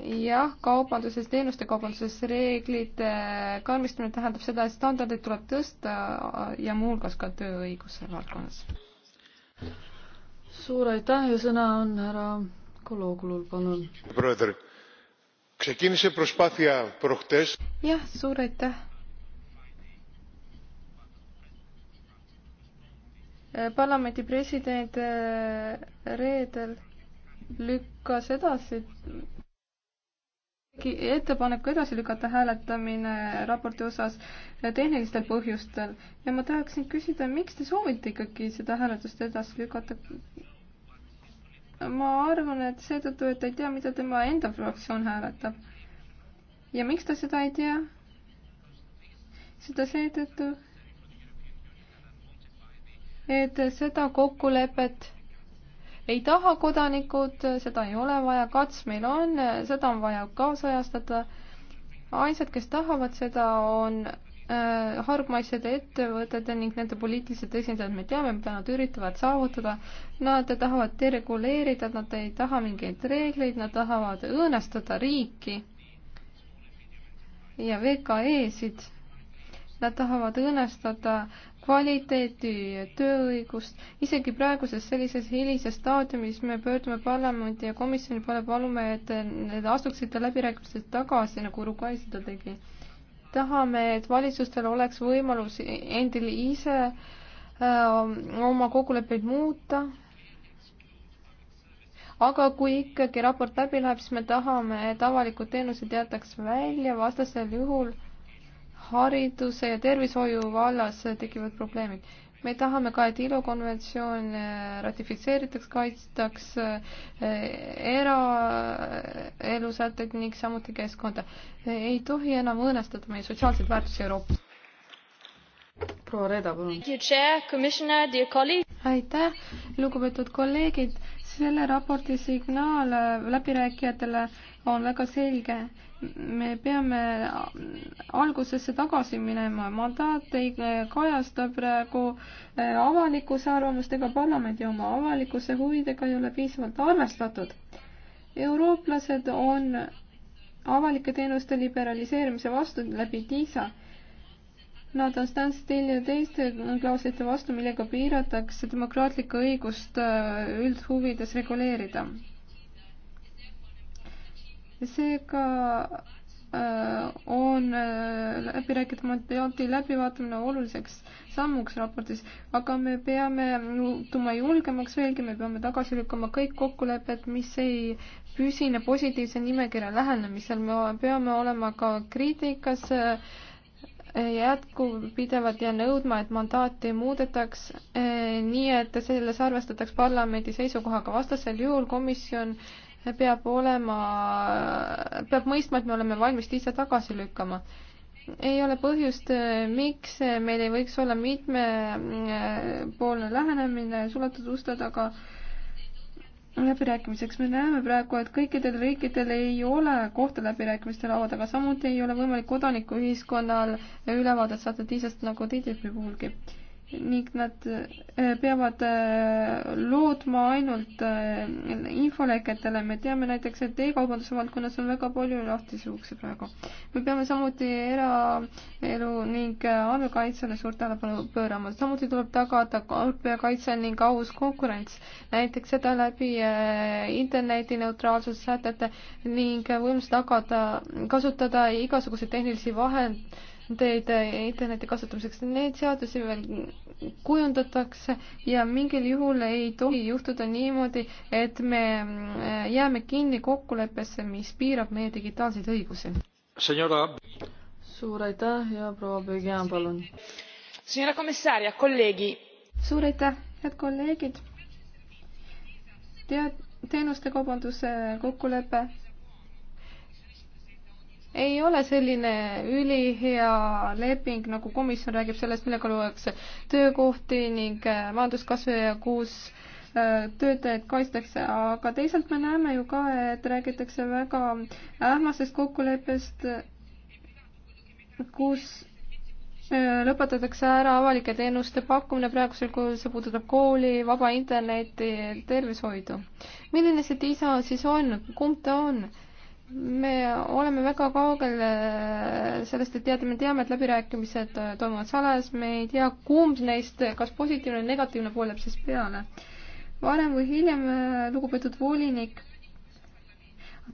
[SPEAKER 3] jah, kaubanduses, teenuste kaubanduses reeglite äh, karmistamine tähendab seda, et standardeid tuleb tõsta äh, ja muuhulgas ka
[SPEAKER 1] tööõiguse valdkonnas. suur aitäh ja sõna on härra Kolokulul, palun.
[SPEAKER 3] jah, suur aitäh parlamendi president äh, reedel lükkas edasi ettepaneku edasi lükata hääletamine raporti osas äh, tehnilistel põhjustel ja ma tahaksin küsida, miks te soovite ikkagi seda hääletust edasi lükata? ma arvan, et seetõttu, et ta ei tea, mida tema enda fraktsioon hääletab. ja miks ta seda ei tea? seda seetõttu, et seda kokkulepet ei taha kodanikud, seda ei ole vaja, kats meil on, seda on vaja kaasajastada. ainsad, kes tahavad seda, on äh, hargmaised ettevõtted ning nende poliitilised esindajad, me teame, mida nad üritavad saavutada. Nad tahavad dereguleerida, nad ei taha mingeid reegleid, nad tahavad õõnestada riiki ja VKE-sid Nad tahavad õõnestada kvaliteeti, tööõigust. isegi praeguses sellises hilises staadiumis me pöördume parlamendi ja komisjoni poole, palume, et need astuksid läbirääkimised tagasi, nagu Uruguay seda tegi. tahame, et valitsustel oleks võimalus endil ise öö, äh, oma kokkuleppeid muuta. aga kui ikkagi raport läbi läheb, siis me tahame, et avalikud teenused jäetaks välja, vastasel juhul hariduse ja tervishoiu vallas tekivad probleemid. me tahame ka, et ILO konventsioon äh, ratifitseeritaks, kaitstaks äh, eraelu sätteid ning samuti keskkonda. ei tohi enam õõnestada meie sotsiaalseid väärtusi Euroopas.
[SPEAKER 1] proua Reeda, palun.
[SPEAKER 3] aitäh, lugupeetud kolleegid, selle raporti signaal äh, läbirääkijatele on väga selge me peame algusesse tagasi minema, mandaat ei kajasta praegu eh, avalikkuse arvamust ega parlamendi oma, avalikkuse huvidega ei ole piisavalt arvestatud. eurooplased on avalike teenuste liberaliseerimise vastu läbi TISA. Nad on standstilli ja teiste klauslite vastu, millega piiratakse demokraatlikku õigust eh, üldhuvides reguleerida seega äh, on äh, läbirääkide mandaati läbivaatamine oluliseks sammuks raportis, aga me peame muutuma julgemaks veelgi, me peame tagasi lükkama kõik kokkulepped, mis ei püsine positiivse nimekirja lähenemisel, me peame olema ka kriitikas äh, jätkupidevalt ja nõudma, et mandaati muudetaks nii, et selles arvestataks parlamendi seisukohaga, vastasel juhul komisjon äh, peab olema, peab mõistma, et me oleme valmis lihtsalt tagasi lükkama ei ole põhjust, äh, miks äh, meil ei võiks olla mitmepoolne lähenemine suletud uste taga läbirääkimiseks. me näeme praegu, et kõikidel riikidel ei ole kohta läbirääkimiste laua taga, samuti ei ole võimalik kodanikuühiskonnal ülevaadet saada teisest nagu TTIP-i puhulgi ning nad eh, peavad eh, lootma ainult eh, infoleketele. me teame näiteks, et e-kaubanduse valdkonnas on väga palju lahtisi ukse praegu. me peame samuti eraelu ning andmekaitsele suurt tähelepanu pöörama. samuti tuleb tagada tarbijakaitse ning aus konkurents, näiteks seda läbi internetineutraalsussätete ning võimalus tagada, kasutada igasuguseid tehnilisi vahendeid teid äh, interneti kasutamiseks, neid seadusi veel kujundatakse ja mingil juhul ei tohi juhtuda niimoodi, et me äh, jääme kinni kokkuleppesse, mis piirab meie digitaalseid õigusi. suur aitäh ja proua Begian, palun. suur aitäh, head kolleegid. tead, teenustekaubanduse kokkulepe ei ole selline ülihea leping, nagu komisjon räägib sellest, millega luuakse töökohti ning äh, majanduskasvu ja kus äh, töötajaid kaitstakse, aga teisalt me näeme ju ka, et räägitakse väga ähmasest kokkuleppest, kus äh, lõpetatakse ära avalike teenuste pakkumine praegusel kujul, see puudutab kooli, vaba interneti, tervishoidu. milline see TISA siis on, kumb ta on? me oleme väga kaugel äh, sellest, et teada, me teame, et läbirääkimised äh, toimuvad salajas, me ei tea, kumb neist, äh, kas positiivne või negatiivne pool jääb siis peale. varem või hiljem, lugupeetud volinik,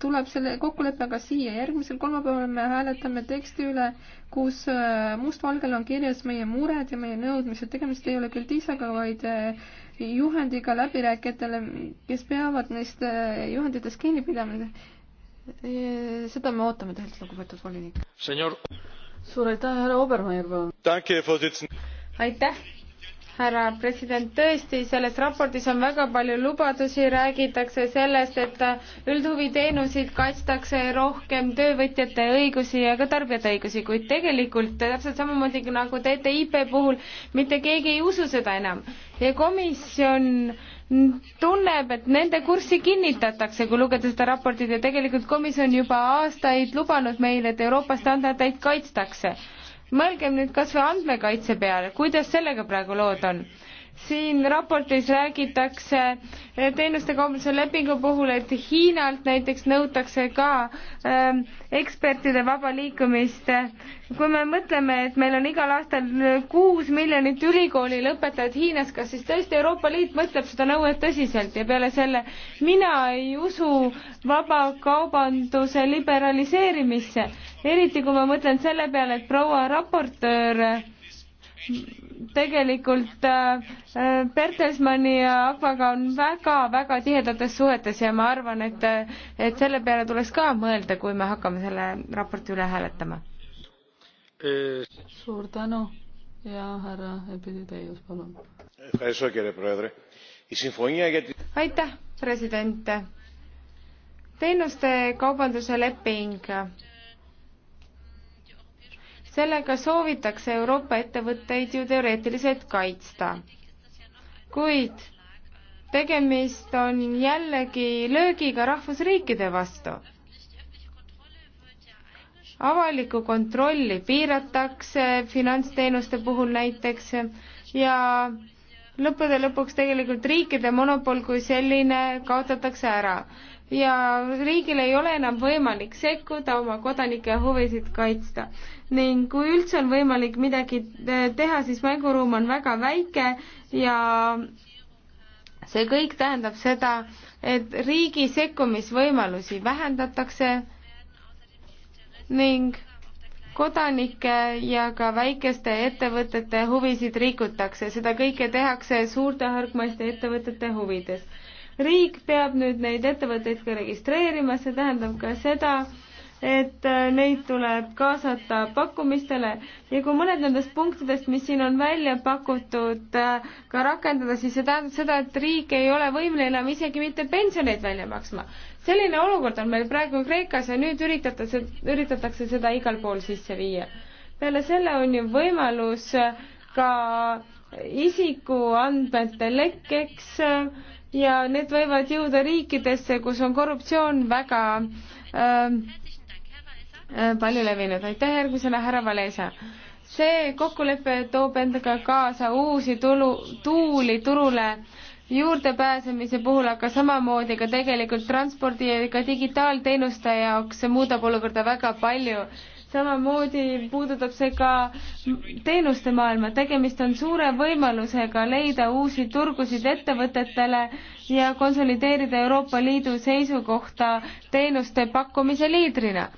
[SPEAKER 3] tuleb selle kokkuleppega siia, järgmisel kolmapäeval me hääletame teksti üle, kus mustvalgel on kirjas meie mured ja meie nõudmised, tegemist ei ole küll tiisaga, vaid juhendiga läbirääkijatele, kes peavad neist juhenditest kinni pidama seda me ootame teilt, lugupeetud volinik.
[SPEAKER 2] suur aitäh, härra Obermeier, palun. aitäh, härra president, tõesti, selles raportis on väga palju lubadusi, räägitakse sellest, et üldhuviteenuseid kaitstakse rohkem töövõtjate õigusi ja ka tarbijate õigusi, kuid tegelikult täpselt samamoodi nagu TTIP puhul mitte keegi ei usu seda enam ja komisjon äh, tunneb, et nende kurssi kinnitatakse, kui lugeda seda raportit ja tegelikult komisjon juba aastaid lubanud meile, et Euroopa standardeid kaitstakse. mõelgem nüüd kas või andmekaitse peale, kuidas sellega praegu lood on siin raportis räägitakse eh, teenuste kaubanduse lepingu puhul, et Hiinalt näiteks nõutakse ka ähm, ekspertide vaba liikumist. kui me mõtleme, et meil on igal aastal kuus miljonit ülikooli lõpetajat Hiinas, kas siis tõesti Euroopa Liit mõtleb seda nõuet tõsiselt ja peale selle mina ei usu vabakaubanduse liberaliseerimisse, eriti kui ma mõtlen selle peale, et proua raportöör tegelikult äh, Bertelsmanni ja Akvaga on väga-väga tihedates suhetes ja ma arvan, et, et selle peale tuleks ka mõelda, kui me hakkame selle raporti üle hääletama.
[SPEAKER 1] suur tänu ja härra Epideteius, palun. aitäh, president.
[SPEAKER 2] teenuste kaubanduse leping sellega soovitakse Euroopa ettevõtteid ju teoreetiliselt kaitsta. kuid tegemist on jällegi löögiga rahvusriikide vastu. avalikku kontrolli piiratakse finantsteenuste puhul näiteks ja lõppude lõpuks tegelikult riikide monopol kui selline kaotatakse ära ja riigil ei ole enam võimalik sekkuda, oma kodanike huvisid kaitsta. ning kui üldse on võimalik midagi eh, teha, siis mänguruum on väga väike ja see kõik tähendab seda, et riigi sekkumisvõimalusi vähendatakse ning kodanike ja ka väikeste ettevõtete huvisid rikutakse, seda kõike tehakse suurte hargmaiste ettevõtete huvides riik peab nüüd neid ettevõtteid ka registreerima, see tähendab ka seda, et äh, neid tuleb kaasata pakkumistele ja kui mõned nendest punktidest, mis siin on välja pakutud, äh, ka rakendada, siis see tähendab seda, et riik ei ole võimeline enam isegi mitte pensioneid välja maksma. selline olukord on meil praegu Kreekas ja nüüd üritatakse, üritatakse seda igal pool sisse viia. peale selle on ju võimalus äh, ka isikuandmete lekkeks äh, ja need võivad jõuda riikidesse, kus on korruptsioon väga ähm, äh, palju levinud. aitäh järgmisena, härra Valesa. see kokkulepe toob endaga kaasa uusi tulu, tuuli turule juurdepääsemise puhul, aga samamoodi ka tegelikult transpordi ja ka digitaalteenuste jaoks muudab olukorda väga palju samamoodi puudutab see ka teenuste maailma, tegemist on suure võimalusega leida uusi turgusid ettevõtetele ja konsolideerida Euroopa Liidu seisukohta teenuste pakkumise liidrina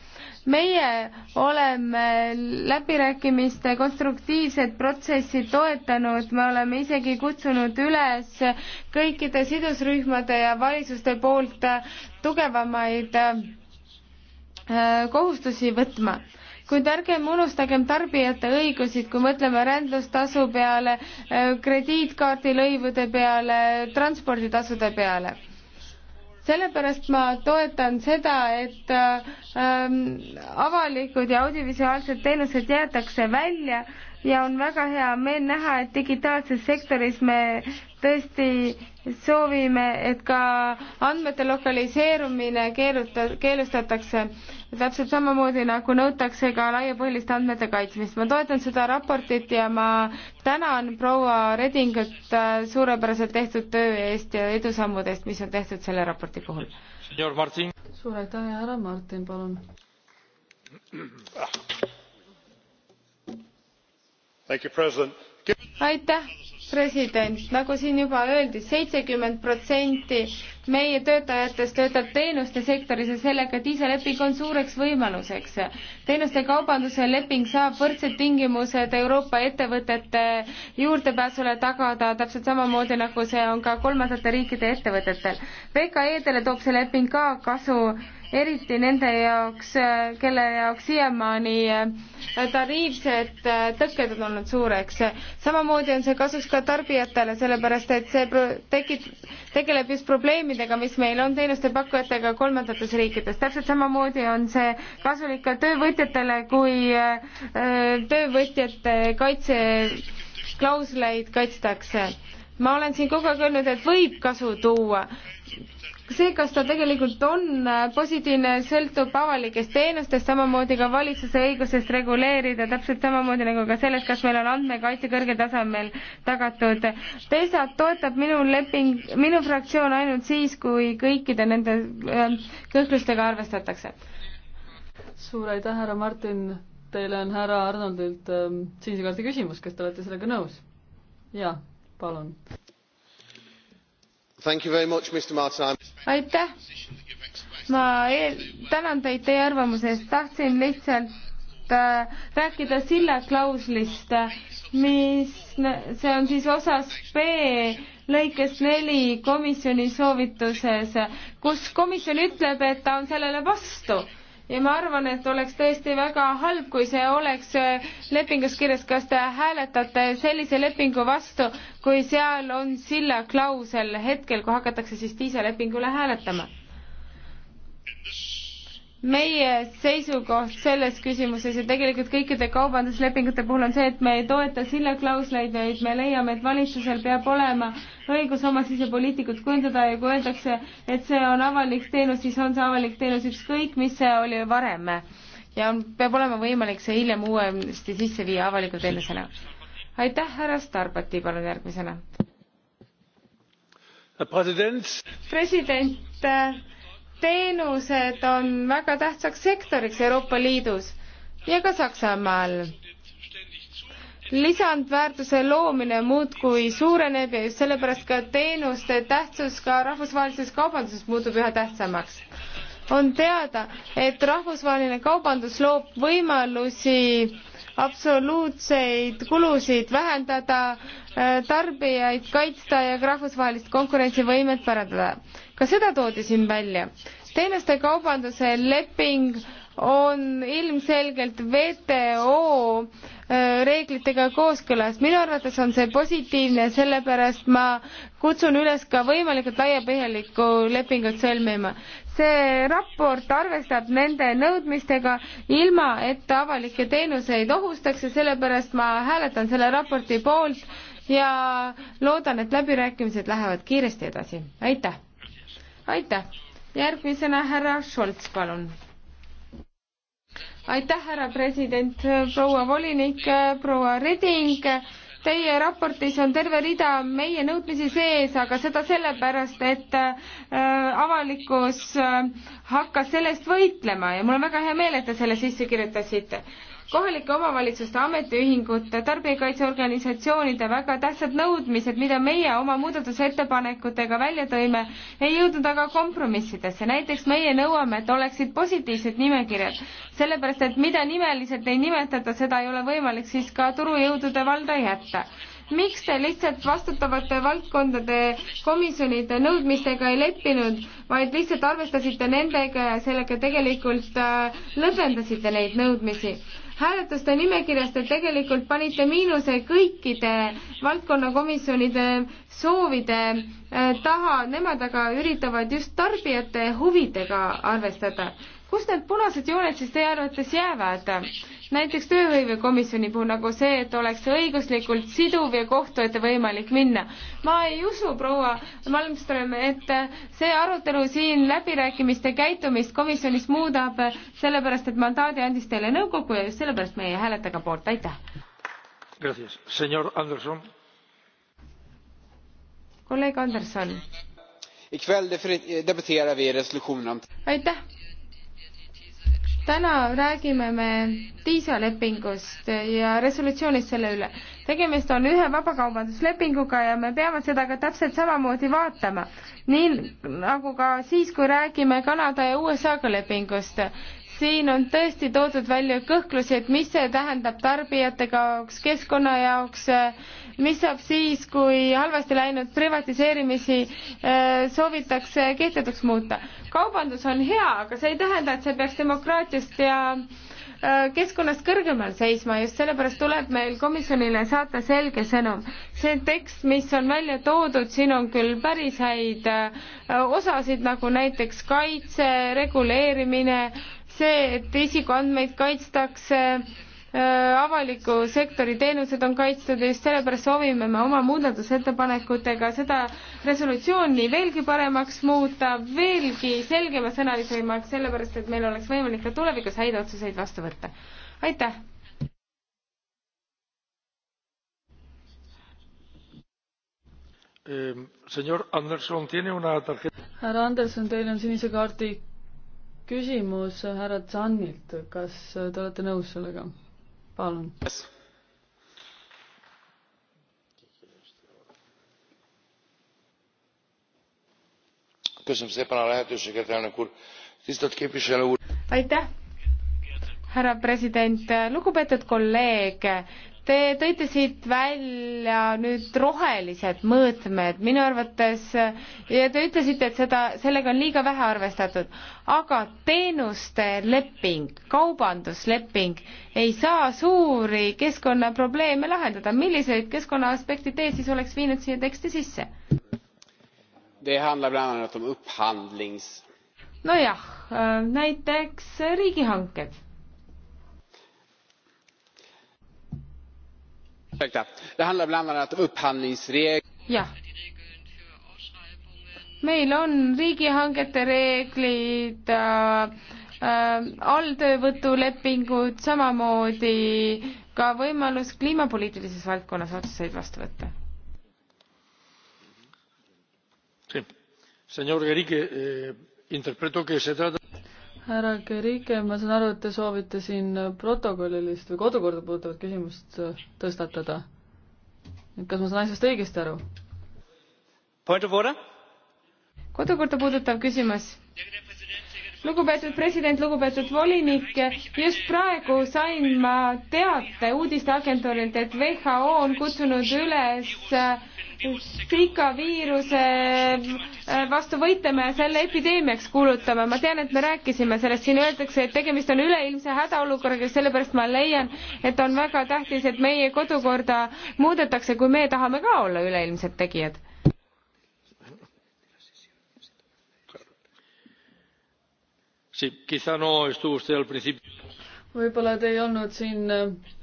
[SPEAKER 2] meie oleme läbirääkimiste konstruktiivset protsessi toetanud, me oleme isegi kutsunud üles kõikide sidusrühmade ja valitsuste poolt tugevamaid äh, kohustusi võtma kuid ärgem unustagem tarbijate õigusid, kui mõtleme rändlustasu peale, äh, krediitkaardilõivude peale, transporditasude peale. sellepärast ma toetan seda, et ähm, avalikud ja audiovisuaalsed teenused jäetakse välja ja on väga hea meel näha, et digitaalses sektoris me tõesti soovime, et ka andmete lokaliseerumine keeruta-, keelustatakse, täpselt samamoodi nagu nõutakse ka laiapõhjaliste andmete kaitsmist. ma toetan seda raportit ja ma tänan proua Redingut äh, suurepäraselt tehtud töö eest ja edusammude eest, mis on tehtud selle raporti puhul.
[SPEAKER 1] suur aitäh ja härra Martin, palun. aitäh
[SPEAKER 2] president, nagu siin juba öeldi, seitsekümmend protsenti meie töötajatest töötab teenuste sektoris ja sellega diiselleping on suureks võimaluseks. teenuste kaubanduse leping saab võrdsed tingimused Euroopa ettevõtete juurdepääsule tagada, täpselt samamoodi nagu see on ka kolmandate riikide ettevõtetel. VKE-dele toob see leping ka kasu eriti nende jaoks, kelle jaoks siiamaani äh, tariifsed äh, tõkked on olnud suureks. samamoodi on see kasuks ka tarbijatele, sellepärast et see tekit-, tegeleb just probleemidega, mis meil on teenustepakkujatega kolmandates riikides. täpselt samamoodi on see kasulik ka töövõtjatele, kui äh, töövõtjate kaitseklausleid kaitstakse ma olen siin kogu aeg öelnud, et võib kasu tuua see, kas ta tegelikult on äh, positiivne, sõltub avalikest teenustest, samamoodi ka valitsuse õigusest reguleerida, täpselt samamoodi nagu ka sellest, kas meil on andmekaitse kõrgel tasemel tagatud. teisalt toetab minu leping, minu fraktsioon ainult siis, kui kõikide nende äh, kõhklustega arvestatakse.
[SPEAKER 1] suur aitäh, härra Martin, teile on härra Arnoldilt ähm, sinise kaardi küsimus, kas te olete sellega nõus? jaa, palun aitäh!
[SPEAKER 2] ma eel- tänan teid teie arvamuse eest tahtsin lihtsalt äh, rääkida sillaklauslist äh, mis see on siis osas B lõikes neli komisjoni soovituses kus komisjon ütleb et ta on sellele vastu ja ma arvan, et oleks tõesti väga halb, kui see oleks äh, lepingus kirjas, kas te hääletate sellise lepingu vastu, kui seal on silla klausel hetkel, kui hakatakse siis TISA lepingule hääletama meie seisukoht selles küsimuses ja tegelikult kõikide kaubanduslepingute puhul on see, et me ei toeta sillaklausleid, vaid me leiame, et valitsusel peab olema õigus oma sisepoliitikut kujundada ja kui öeldakse, et see on avalik teenus, siis on see avalik teenus, ükskõik mis see oli varem. ja on, peab olema võimalik see hiljem uuesti sisse viia avaliku teenusena. aitäh, härra Starbati, palun järgmisena. president, president äh, teenused on väga tähtsaks sektoriks Euroopa Liidus ja ka Saksamaal. lisandväärtuse loomine muudkui suureneb ja just sellepärast ka teenuste tähtsus ka rahvusvahelises kaubanduses muutub üha tähtsamaks. on teada, et rahvusvaheline kaubandus loob võimalusi absoluutseid kulusid vähendada, äh, tarbijaid kaitsta ja rahvusvahelist konkurentsivõimet parandada ka seda toodi siin välja. teenuste kaubanduse leping on ilmselgelt WTO äh, reeglitega kooskõlas. minu arvates on see positiivne, sellepärast ma kutsun üles ka võimalikult laiapõhjalikku lepingut sõlmima. see raport arvestab nende nõudmistega, ilma et ta avalikke teenuseid ohustaks ja sellepärast ma hääletan selle raporti poolt ja loodan, et läbirääkimised lähevad kiiresti edasi. aitäh! aitäh. järgmisena härra Scholz, palun. aitäh, härra president, proua volinik, proua Reding. Teie raportis on terve rida meie nõudmisi sees, aga seda sellepärast, et äh, avalikkus äh, hakkas selle eest võitlema ja mul on väga hea meel, et te selle sisse kirjutasite kohalike omavalitsuste ametiühingute, tarbijakaitseorganisatsioonide väga tähtsad nõudmised, mida meie oma muudatusettepanekutega välja tõime, ei jõudnud aga kompromissidesse. näiteks meie nõuame, et oleksid positiivsed nimekirjad, sellepärast et mida nimeliselt ei nimetata, seda ei ole võimalik siis ka turujõudude valda jätta miks te lihtsalt vastutavate valdkondade komisjonide nõudmistega ei leppinud, vaid lihtsalt arvestasite nendega ja sellega tegelikult äh, lõdvendasite neid nõudmisi? hääletuste nimekirjast te tegelikult panite miinuse kõikide valdkonnakomisjonide soovide eh, taha, nemad aga üritavad just tarbijate huvidega arvestada kust need punased jooned siis teie arvates jäävad? näiteks tööhõivekomisjoni puhul nagu see, et oleks õiguslikult siduv ja kohtu ette võimalik minna. ma ei usu, proua Malmström, et see arutelu siin läbirääkimiste käitumist komisjonis muudab, sellepärast et mandaadi andis teile nõukogu ja just sellepärast meie ei hääleta ka poolt, aitäh. kolleeg Anderson. Eh, aitäh täna räägime me diisalepingust ja resolutsioonist selle üle. tegemist on ühe vabakaubanduslepinguga ja me peame seda ka täpselt samamoodi vaatama, nii nagu ka siis, kui räägime Kanada ja USA-ga lepingust siin on tõesti toodud välja kõhklusi, et mis see tähendab tarbijate jaoks, keskkonna jaoks mis saab siis, kui halvasti läinud privatiseerimisi äh, soovitakse kehtetuks muuta? kaubandus on hea, aga see ei tähenda, et see peaks demokraatiast ja äh, keskkonnast kõrgemal seisma, just sellepärast tuleb meil komisjonile saata selge sõnum. see tekst, mis on välja toodud, siin on küll päris häid äh, osasid, nagu näiteks kaitse, reguleerimine, see, et isikuandmeid kaitstakse äh, Äh, avaliku sektori teenused on kaitstud ja just sellepärast soovime me oma muudatusettepanekutega seda resolutsiooni veelgi paremaks muuta, veelgi selgemasõnalisemaks, sellepärast et meil oleks võimalik ka tulevikus häid otsuseid vastu võtta. aitäh!
[SPEAKER 1] härra Anderson, Anderson, teil on sinise kaardi küsimus härra Zannilt, kas te olete nõus sellega? palun yes..
[SPEAKER 2] aitäh härra president lugupeetud kolleeg Te tõite siit välja nüüd rohelised mõõtmed, minu arvates, ja te ütlesite, et seda, sellega on liiga vähe arvestatud, aga teenuste leping, kaubandusleping ei saa suuri keskkonnaprobleeme lahendada. millised keskkonnaaspektid teie siis oleks viinud siia teksti sisse? nojah, äh, näiteks riigihanked jah. meil on riigihangete reeglid äh, äh,, alltöövõtulepingud, samamoodi ka võimalus kliimapoliitilises valdkonnas otsuseid vastu võtta
[SPEAKER 1] härra Kerike, ma saan aru, et te soovite siin protokollilist või kodukorda puudutavat küsimust äh, tõstatada. et kas ma saan asjast õigesti aru? kodukorda puudutav küsimus
[SPEAKER 2] lugupeetud president, lugupeetud volinik, just praegu sain ma teate uudisteagentuurilt, et WHO on kutsunud üles äh, Zika viiruse äh, vastu võitlema ja selle epideemiaks kuulutama. ma tean, et me rääkisime sellest, siin öeldakse, et tegemist on üleilmse hädaolukorraga, sellepärast ma leian, et on väga tähtis, et meie kodukorda muudetakse, kui meie tahame ka olla üleilmsed
[SPEAKER 1] tegijad. võib-olla te ei olnud siin äh,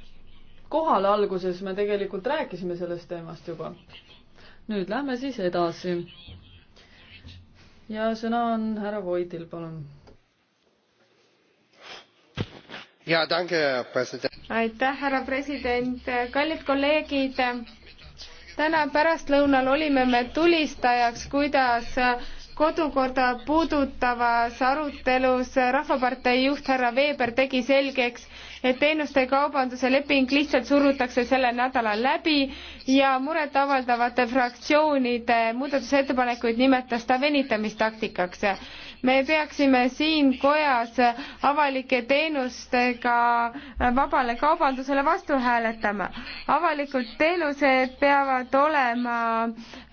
[SPEAKER 1] kohal alguses, me tegelikult rääkisime sellest teemast juba nüüd lähme siis edasi. ja sõna on härra Voidil, palun.
[SPEAKER 2] aitäh, härra president, kallid kolleegid täna pärastlõunal olime me tulistajaks, kuidas kodukorda puudutavas arutelus Rahvapartei juht härra Veeber tegi selgeks, et teenuste kaubanduse leping lihtsalt surutakse sellel nädalal läbi ja muretavaldavate fraktsioonide muudatusettepanekuid nimetas ta venitamistaktikaks me peaksime siin kojas avalike teenustega vabale kaubandusele vastu hääletama. avalikud teenused peavad olema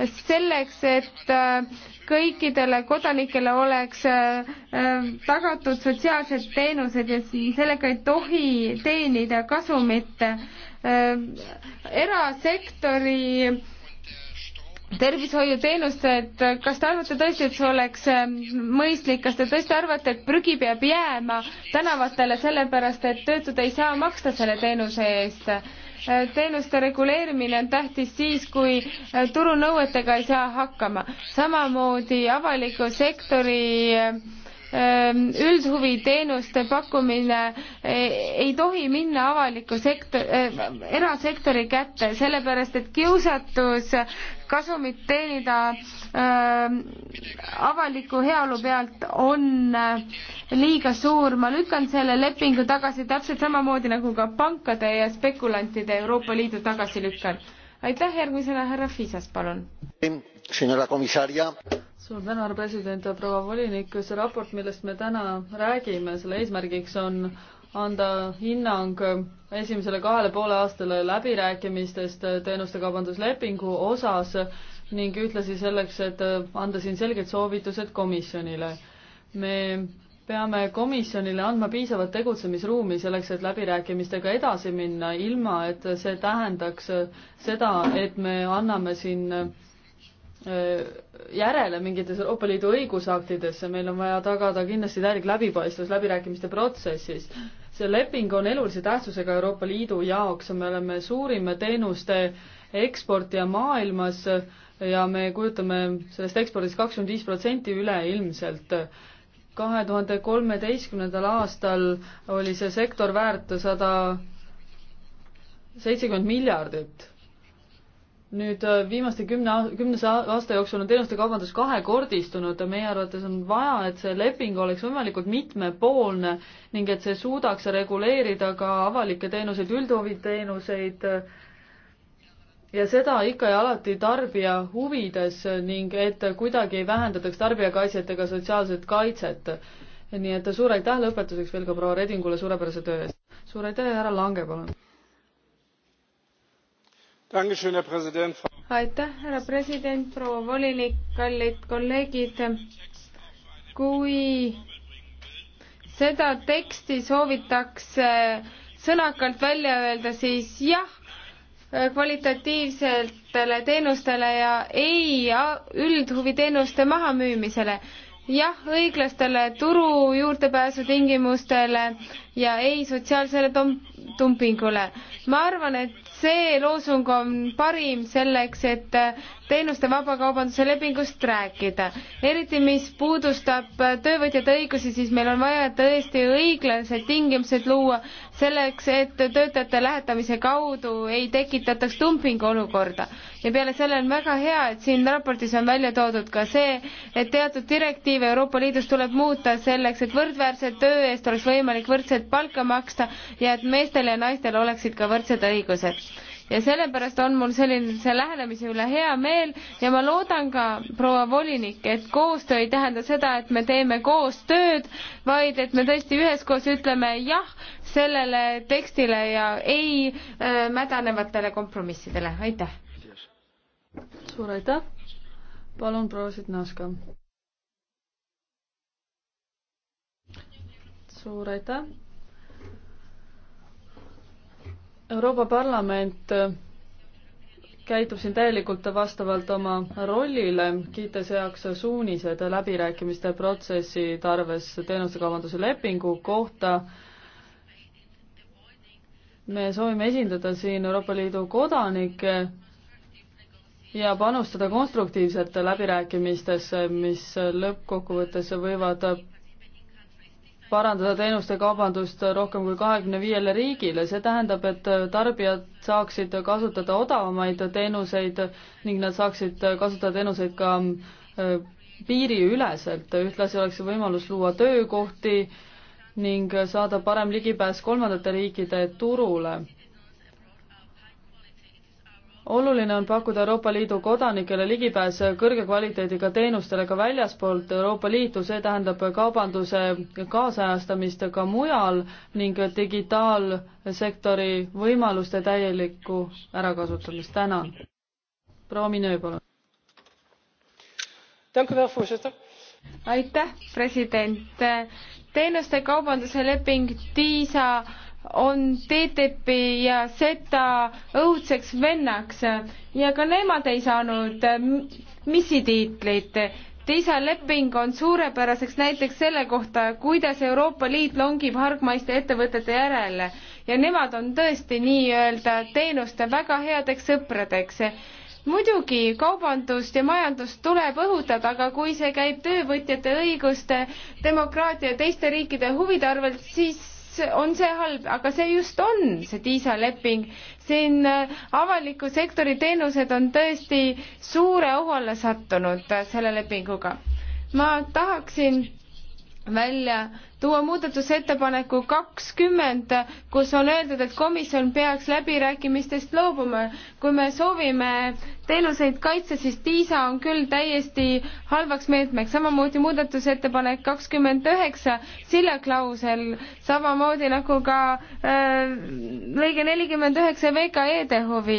[SPEAKER 2] selleks, et äh, kõikidele kodanikele oleks äh, tagatud sotsiaalsed teenused ja sellega ei tohi teenida kasumit. Äh, erasektori tervishoiuteenused, kas te arvate tõesti, et see oleks eh, mõistlik, kas te tõesti arvate, et prügi peab jääma tänavatele sellepärast, et töötud ei saa maksta selle teenuse eest? Eh, teenuste reguleerimine on tähtis siis, kui eh, turunõuetega ei saa hakkama. samamoodi avaliku sektori äh, Ehm, üldhuviteenuste pakkumine eh, ei tohi minna avaliku sektor äh,, erasektori kätte, sellepärast et kiusatus kasumit teenida äh, avaliku heaolu pealt on äh, liiga suur. ma lükkan selle lepingu tagasi täpselt samamoodi nagu ka pankade ja spekulantide Euroopa Liidu tagasi lükkan. aitäh, järgmisena härra Fisas, palun.
[SPEAKER 1] Señora comisaria suur tänu, härra president ja proua volinik, see raport, millest me täna räägime, selle eesmärgiks on anda hinnang esimesele kahele poole aastale läbirääkimistest teenustekaubanduslepingu osas ning ühtlasi selleks, et anda siin selged soovitused komisjonile. me peame komisjonile andma piisavat tegutsemisruumi selleks, et läbirääkimistega edasi minna, ilma et see tähendaks seda, et me anname siin järele mingites Euroopa Liidu õigusaktidesse, meil on vaja tagada kindlasti täielik läbipaistvus läbirääkimiste protsessis. see leping on elulise tähtsusega Euroopa Liidu jaoks, me oleme suurim teenuste eksportija maailmas ja me kujutame sellest ekspordist kakskümmend viis protsenti üle ilmselt. kahe tuhande kolmeteistkümnendal aastal oli see sektor väärt sada seitsekümmend miljardit nüüd äh, viimaste kümne, kümnes aasta jooksul on teenuste kaubandus kahekordistunud ja meie arvates on vaja, et see leping oleks võimalikult mitmepoolne ning et see suudaks reguleerida ka avalikke teenuseid, üldhuviteenuseid äh, ja seda ikka ja alati tarbija huvides ning et kuidagi ei vähendataks tarbijakaitset ega sotsiaalset kaitset. nii et suur aitäh lõpetuseks veel ka proua Redingule suurepärase töö eest. suur aitäh ja härra Lange, palun!
[SPEAKER 2] aitäh, härra president, proua volinik, kallid kolleegid. kui seda teksti soovitakse sõnakalt välja öelda, siis jah, kvalitatiivsetele teenustele ja ei üldhuviteenuste mahamüümisele jah õiglastele turu juurdepääsutingimustele ja ei sotsiaalsele dumpingule. ma arvan, et see loosung on parim selleks, et teenuste vabakaubanduse lepingust rääkida. eriti, mis puudustab töövõtjate õigusi, siis meil on vaja tõesti õiglased tingimused luua selleks, et töötajate lähetamise kaudu ei tekitataks dumpinguolukorda. ja peale selle on väga hea, et siin raportis on välja toodud ka see, et teatud direktiive Euroopa Liidus tuleb muuta selleks, et võrdväärse töö eest oleks võimalik võrdset palka maksta ja et meestel ja naistel oleksid ka võrdsed õigused ja sellepärast on mul sellise lähenemise üle hea meel ja ma loodan ka, proua volinik, et koostöö ei tähenda seda, et me teeme koos tööd, vaid et me tõesti üheskoos ütleme jah sellele tekstile ja ei äh, mädanevatele kompromissidele, aitäh! suur
[SPEAKER 1] aitäh! palun, proua Sitnaska! suur aitäh! Euroopa Parlament äh, käitub siin täielikult vastavalt oma rollile, kiites heaks suunised läbirääkimiste protsessi tarves teenustekaubanduse lepingu kohta. me soovime esindada siin Euroopa Liidu kodanikke ja panustada konstruktiivselt läbirääkimistesse, mis lõppkokkuvõttes võivad parandada teenuste kaubandust rohkem kui kahekümne viiele riigile, see tähendab, et tarbijad saaksid kasutada odavamaid teenuseid ning nad saaksid kasutada teenuseid ka äh, piiriüleselt, ühtlasi oleks võimalus luua töökohti ning saada parem ligipääs kolmandate riikide turule oluline on pakkuda Euroopa Liidu kodanikele ligipääs kõrge kvaliteediga teenustele ka väljaspoolt Euroopa Liitu, see tähendab kaubanduse kaasajastamist ka mujal ning digitaalsektori võimaluste täielikku ärakasutamist. tänan. proua Minöö, palun. aitäh, president.
[SPEAKER 2] teenuste kaubanduse leping TISA on TTIP-i ja SETA õudseks vennaks ja ka nemad ei saanud äh, missitiitlit. TISA leping on suurepäraseks näiteks selle kohta, kuidas Euroopa Liit longib hargmaiste ettevõtete järele ja nemad on tõesti nii-öelda teenuste väga headeks sõpradeks muidugi kaubandust ja majandust tuleb õhutada, aga kui see käib töövõtjate õiguste, demokraatia ja teiste riikide huvide arvelt, siis on see halb, aga see just on see TISA leping. siin äh, avaliku sektori teenused on tõesti suure ohu alla sattunud äh, selle lepinguga. ma tahaksin välja tuua muudatusettepaneku kakskümmend, kus on öeldud, et komisjon peaks läbirääkimistest loobuma. kui me soovime teenuseid kaitsta, siis TISA on küll täiesti halvaks meetmeks, samamoodi muudatusettepanek kakskümmend üheksa, sillaklausel, samamoodi nagu ka äh, lõige nelikümmend üheksa VKE-de huvi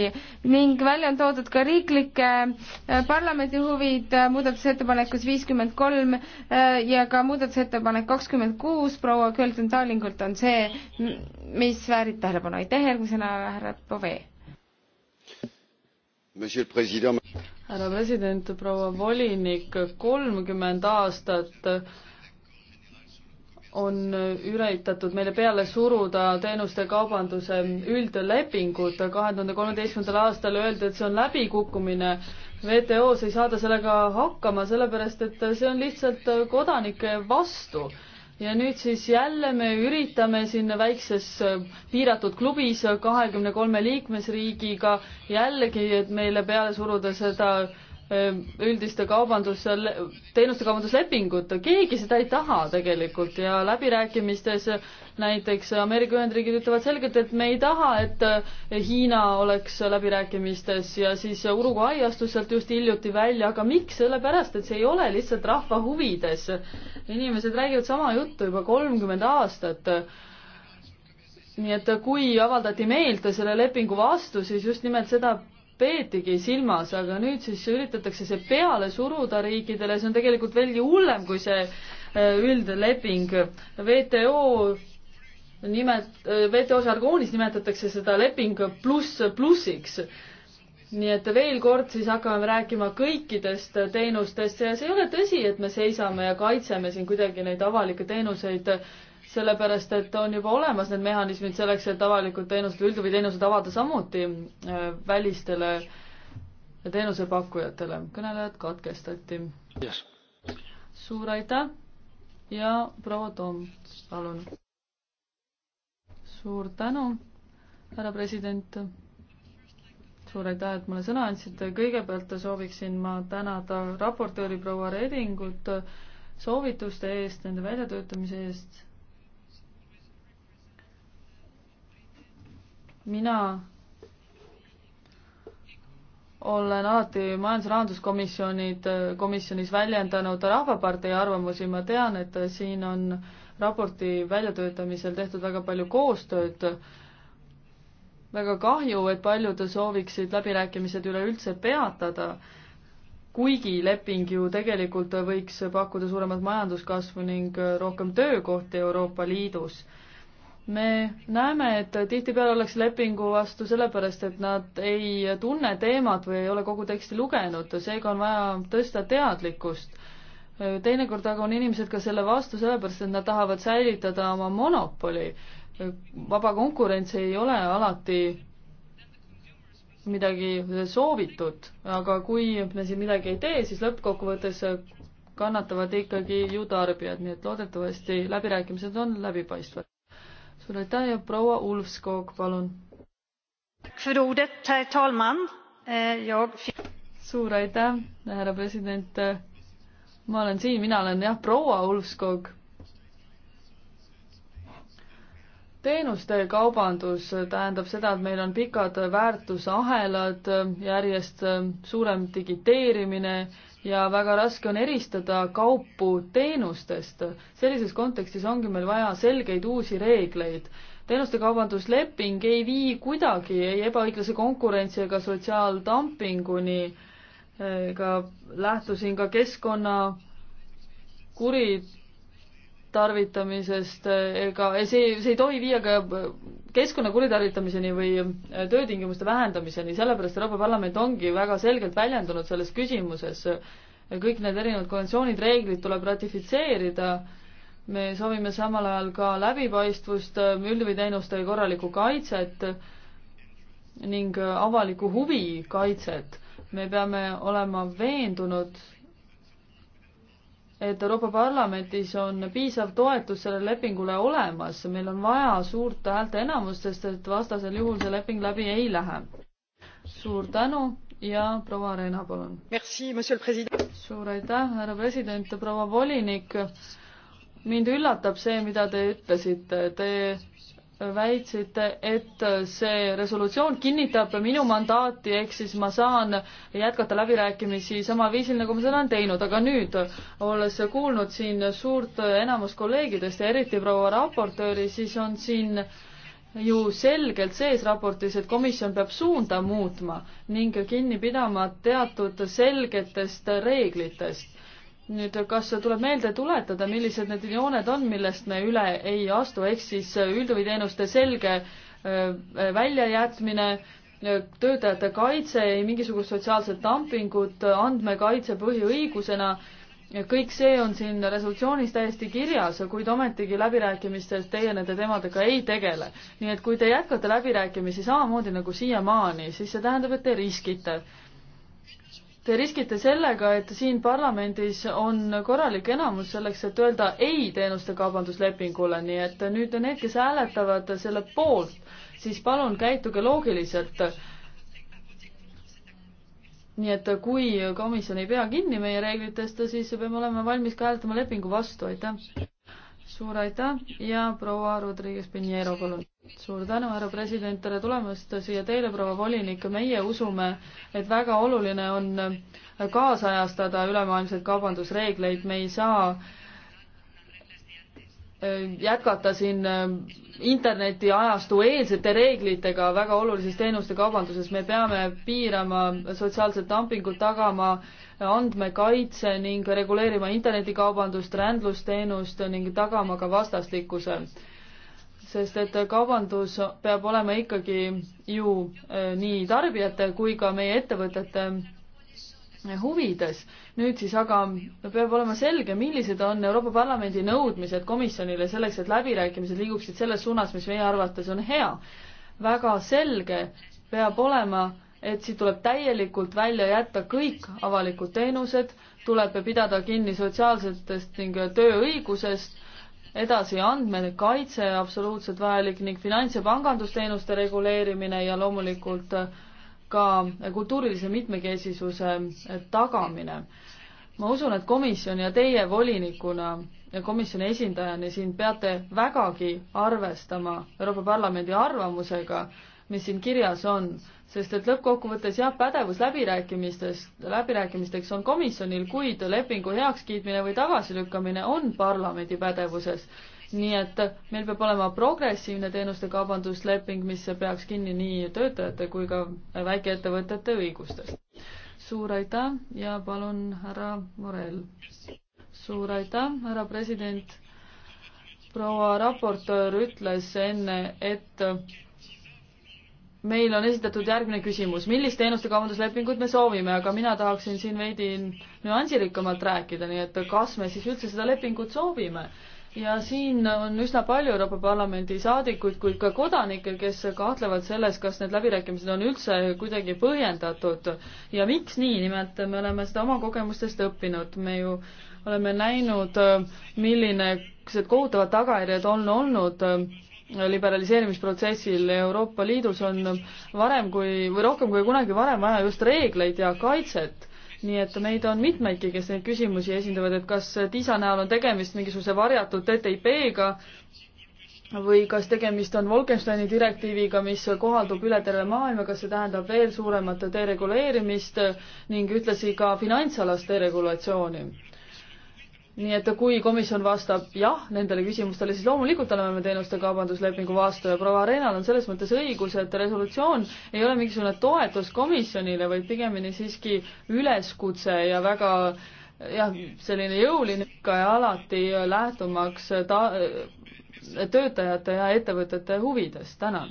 [SPEAKER 2] ning välja on toodud ka riiklike äh, parlamendi huvid äh, muudatusettepanekus viiskümmend kolm äh, ja ka muudatusettepanek kakskümmend kuus, uus proua Kölden Darlingult on see, mis väärib tähelepanu. aitäh,
[SPEAKER 1] järgmisena härra Bove. härra president, proua volinik, kolmkümmend aastat on üritatud meile peale suruda teenuste kaubanduse üldlepingut. kahe tuhande kolmeteistkümnendal aastal öeldi, et see on läbikukkumine. WTO-s ei saada sellega hakkama, sellepärast et see on lihtsalt kodanike vastu ja nüüd siis jälle me üritame siin väikses äh, piiratud klubis kahekümne kolme liikmesriigiga jällegi, et meile peale suruda seda üldiste kaubandus, teenuste kaubanduslepingut, keegi seda ei taha tegelikult ja läbirääkimistes näiteks Ameerika Ühendriigid ütlevad selgelt, et me ei taha, et eh, Hiina oleks läbirääkimistes ja siis Uruguay astus sealt just hiljuti välja, aga miks, sellepärast et see ei ole lihtsalt rahva huvides. inimesed räägivad sama juttu juba kolmkümmend aastat nii et kui avaldati meelt selle lepingu vastu, siis just nimelt seda peetigi silmas, aga nüüd siis üritatakse see peale suruda riikidele, see on tegelikult veelgi hullem kui see äh, üldleping. WTO nimet-, äh, WTO žargoonis nimetatakse seda leping pluss plussiks. nii et veel kord siis hakkame rääkima kõikidest teenustest ja see ei ole tõsi, et me seisame ja kaitseme siin kuidagi neid avalikke teenuseid sellepärast, et on juba olemas need mehhanismid selleks, et avalikud teenused või üldhuviteenused avada samuti äh, välistele teenusepakkujatele. kõnelejad katkestati yes.. suur aitäh ja proua Toom, palun. suur tänu, härra president. suur aitäh, et mulle sõna andsite. kõigepealt sooviksin ma tänada raportööri proua Redingut soovituste eest, nende väljatöötamise eest mina olen alati majandus- ja rahanduskomisjonid, komisjonis väljendanud Rahvapartei arvamusi, ma tean, et siin on raporti väljatöötamisel tehtud väga palju koostööd, väga kahju, et paljud sooviksid läbirääkimised üleüldse peatada, kuigi leping ju tegelikult võiks pakkuda suuremat majanduskasvu ning rohkem töökohti Euroopa Liidus me näeme, et tihtipeale ollakse lepingu vastu sellepärast, et nad ei tunne teemat või ei ole kogu teksti lugenud, seega on vaja tõsta teadlikkust. teinekord aga on inimesed ka selle vastu sellepärast, et nad tahavad säilitada oma monopoli. vaba konkurents ei ole alati midagi soovitud, aga kui me siin midagi ei tee, siis lõppkokkuvõttes kannatavad ikkagi ju tarbijad, nii et loodetavasti läbirääkimised on läbipaistvad suur aitäh ja proua Ulfskog, palun. Eh, suur aitäh, härra president. Eh, ma olen siin, mina olen jah, proua Ulfskog. teenuste kaubandus tähendab seda, et meil on pikad väärtusahelad, järjest eh, suurem digiteerimine ja väga raske on eristada kaupu teenustest. sellises kontekstis ongi meil vaja selgeid uusi reegleid. teenuste kaubandusleping ei vii kuidagi ei ebaõiglase konkurentsi ega sotsiaaldumpinguni, ega lähtusin ka keskkonna kuritarvitamisest ega see, see ei tohi viia ka keskkonna kuritarvitamiseni või äh, töötingimuste vähendamiseni, sellepärast Euroopa Parlament ongi väga selgelt väljendunud selles küsimuses. kõik need erinevad konventsioonid, reeglid tuleb ratifitseerida, me soovime samal ajal ka läbipaistvust, äh, üldhuviteenuste korralikku kaitset ning äh, avaliku huvi kaitset. me peame olema veendunud et Euroopa Parlamendis on piisav toetus sellele lepingule olemas, meil on vaja suurt häälteenamust, sest et vastasel juhul see leping läbi ei lähe. suur tänu ja proua Reena, palun. suur aitäh, härra president, proua volinik. mind üllatab see, mida te ütlesite, te väitsite, et see resolutsioon kinnitab minu mandaati, ehk siis ma saan jätkata läbirääkimisi samal viisil, nagu ma seda olen teinud, aga nüüd, olles kuulnud siin suurt enamust kolleegidest ja eriti proua raportööri, siis on siin ju selgelt sees raportis, et komisjon peab suunda muutma ning kinni pidama teatud selgetest reeglitest nüüd kas tuleb meelde tuletada, millised need jooned on, millest me üle ei astu, ehk siis üldhuviteenuste selge äh, väljajätmine, äh, töötajate kaitse, ei mingisugust sotsiaalset dumpingut, andmekaitse põhiõigusena, kõik see on siin resolutsioonis täiesti kirjas, kuid ometigi läbirääkimistes teie nende teemadega ei tegele. nii et kui te jätkate läbirääkimisi samamoodi nagu siiamaani, siis see tähendab, et te riskite Te riskite sellega, et siin parlamendis on korralik enamus selleks, et öelda ei teenuste kaubanduslepingule, nii et nüüd need, kes hääletavad selle poolt, siis palun käituge loogiliselt. nii et kui komisjon ei pea kinni meie reeglitest, siis peame olema valmis ka hääletama lepingu vastu, aitäh suur aitäh ja proua Rodriguez Pinheiro, palun. suur tänu, härra president, tere tulemast siia teile, proua volinik. meie usume, et väga oluline on kaasajastada ülemaailmseid kaubandusreegleid, me ei saa äh, jätkata siin äh, internetiajastu eelsete reeglitega väga olulises teenuste kaubanduses, me peame piirama sotsiaalset dumpingut, tagama äh, andmekaitse ning reguleerima internetikaubandust, rändlusteenust ning tagama ka vastastikuse. sest et kaubandus peab olema ikkagi ju äh, nii tarbijate kui ka meie ettevõtete äh, huvides. nüüd siis aga peab olema selge, millised on Euroopa Parlamendi nõudmised komisjonile selleks, et läbirääkimised liiguksid selles suunas, mis meie arvates on hea. väga selge peab olema äh, et siit tuleb täielikult välja jätta kõik avalikud teenused, tuleb pidada kinni sotsiaalsetest ning tööõigusest, edasi andmekaitse absoluutselt vajalik ning finants- ja pangandusteenuste reguleerimine ja loomulikult ka kultuurilise mitmekesisuse tagamine. ma usun, et komisjon ja teie volinikuna ja komisjoni esindajani siin peate vägagi arvestama Euroopa Parlamendi arvamusega, mis siin kirjas on sest et lõppkokkuvõttes jah, pädevus läbirääkimistes, läbirääkimisteks on komisjonil, kuid lepingu heakskiitmine või tagasilükkamine on parlamendi pädevuses. nii et meil peab olema progressiivne teenuste kaubandusleping, mis peaks kinni nii töötajate kui ka väikeettevõtete õigustest. suur aitäh ja palun, härra Morel. suur aitäh, härra president. proua raportöör ütles enne, et meil on esitatud järgmine küsimus, millist teenuste kaubanduslepingut me soovime, aga mina tahaksin siin veidi nüansirikkamalt rääkida, nii et kas me siis üldse seda lepingut soovime? ja siin on üsna palju Euroopa Parlamendi saadikuid, kuid ka kodanikke, kes kahtlevad selles, kas need läbirääkimised on üldse kuidagi põhjendatud ja miks nii, nimelt me oleme seda oma kogemustest õppinud, me ju oleme näinud, milline, kohutavad tagajärjed on olnud äh, liberaliseerimisprotsessil Euroopa Liidus on varem kui, või rohkem kui kunagi varem vaja just reegleid ja kaitset. nii et meid on mitmeidki, kes neid küsimusi esindavad, et kas TISA näol on tegemist mingisuguse varjatud TTIP-ga või kas tegemist on Wolkensteini direktiiviga, mis kohaldub üle terve maailma, kas see tähendab veel suuremat dereguleerimist ning ühtlasi ka finantsalast deregulatsiooni nii et kui komisjon vastab jah nendele küsimustele, siis loomulikult oleme me teenuste kaubanduslepingu vastu ja proua Arenal on selles mõttes õigus, et resolutsioon ei ole mingisugune toetus komisjonile, vaid pigemini siiski üleskutse ja väga jah, selline jõuline ikka ja alati lähtumaks ta-, töötajate ja ettevõtete huvidest, tänan.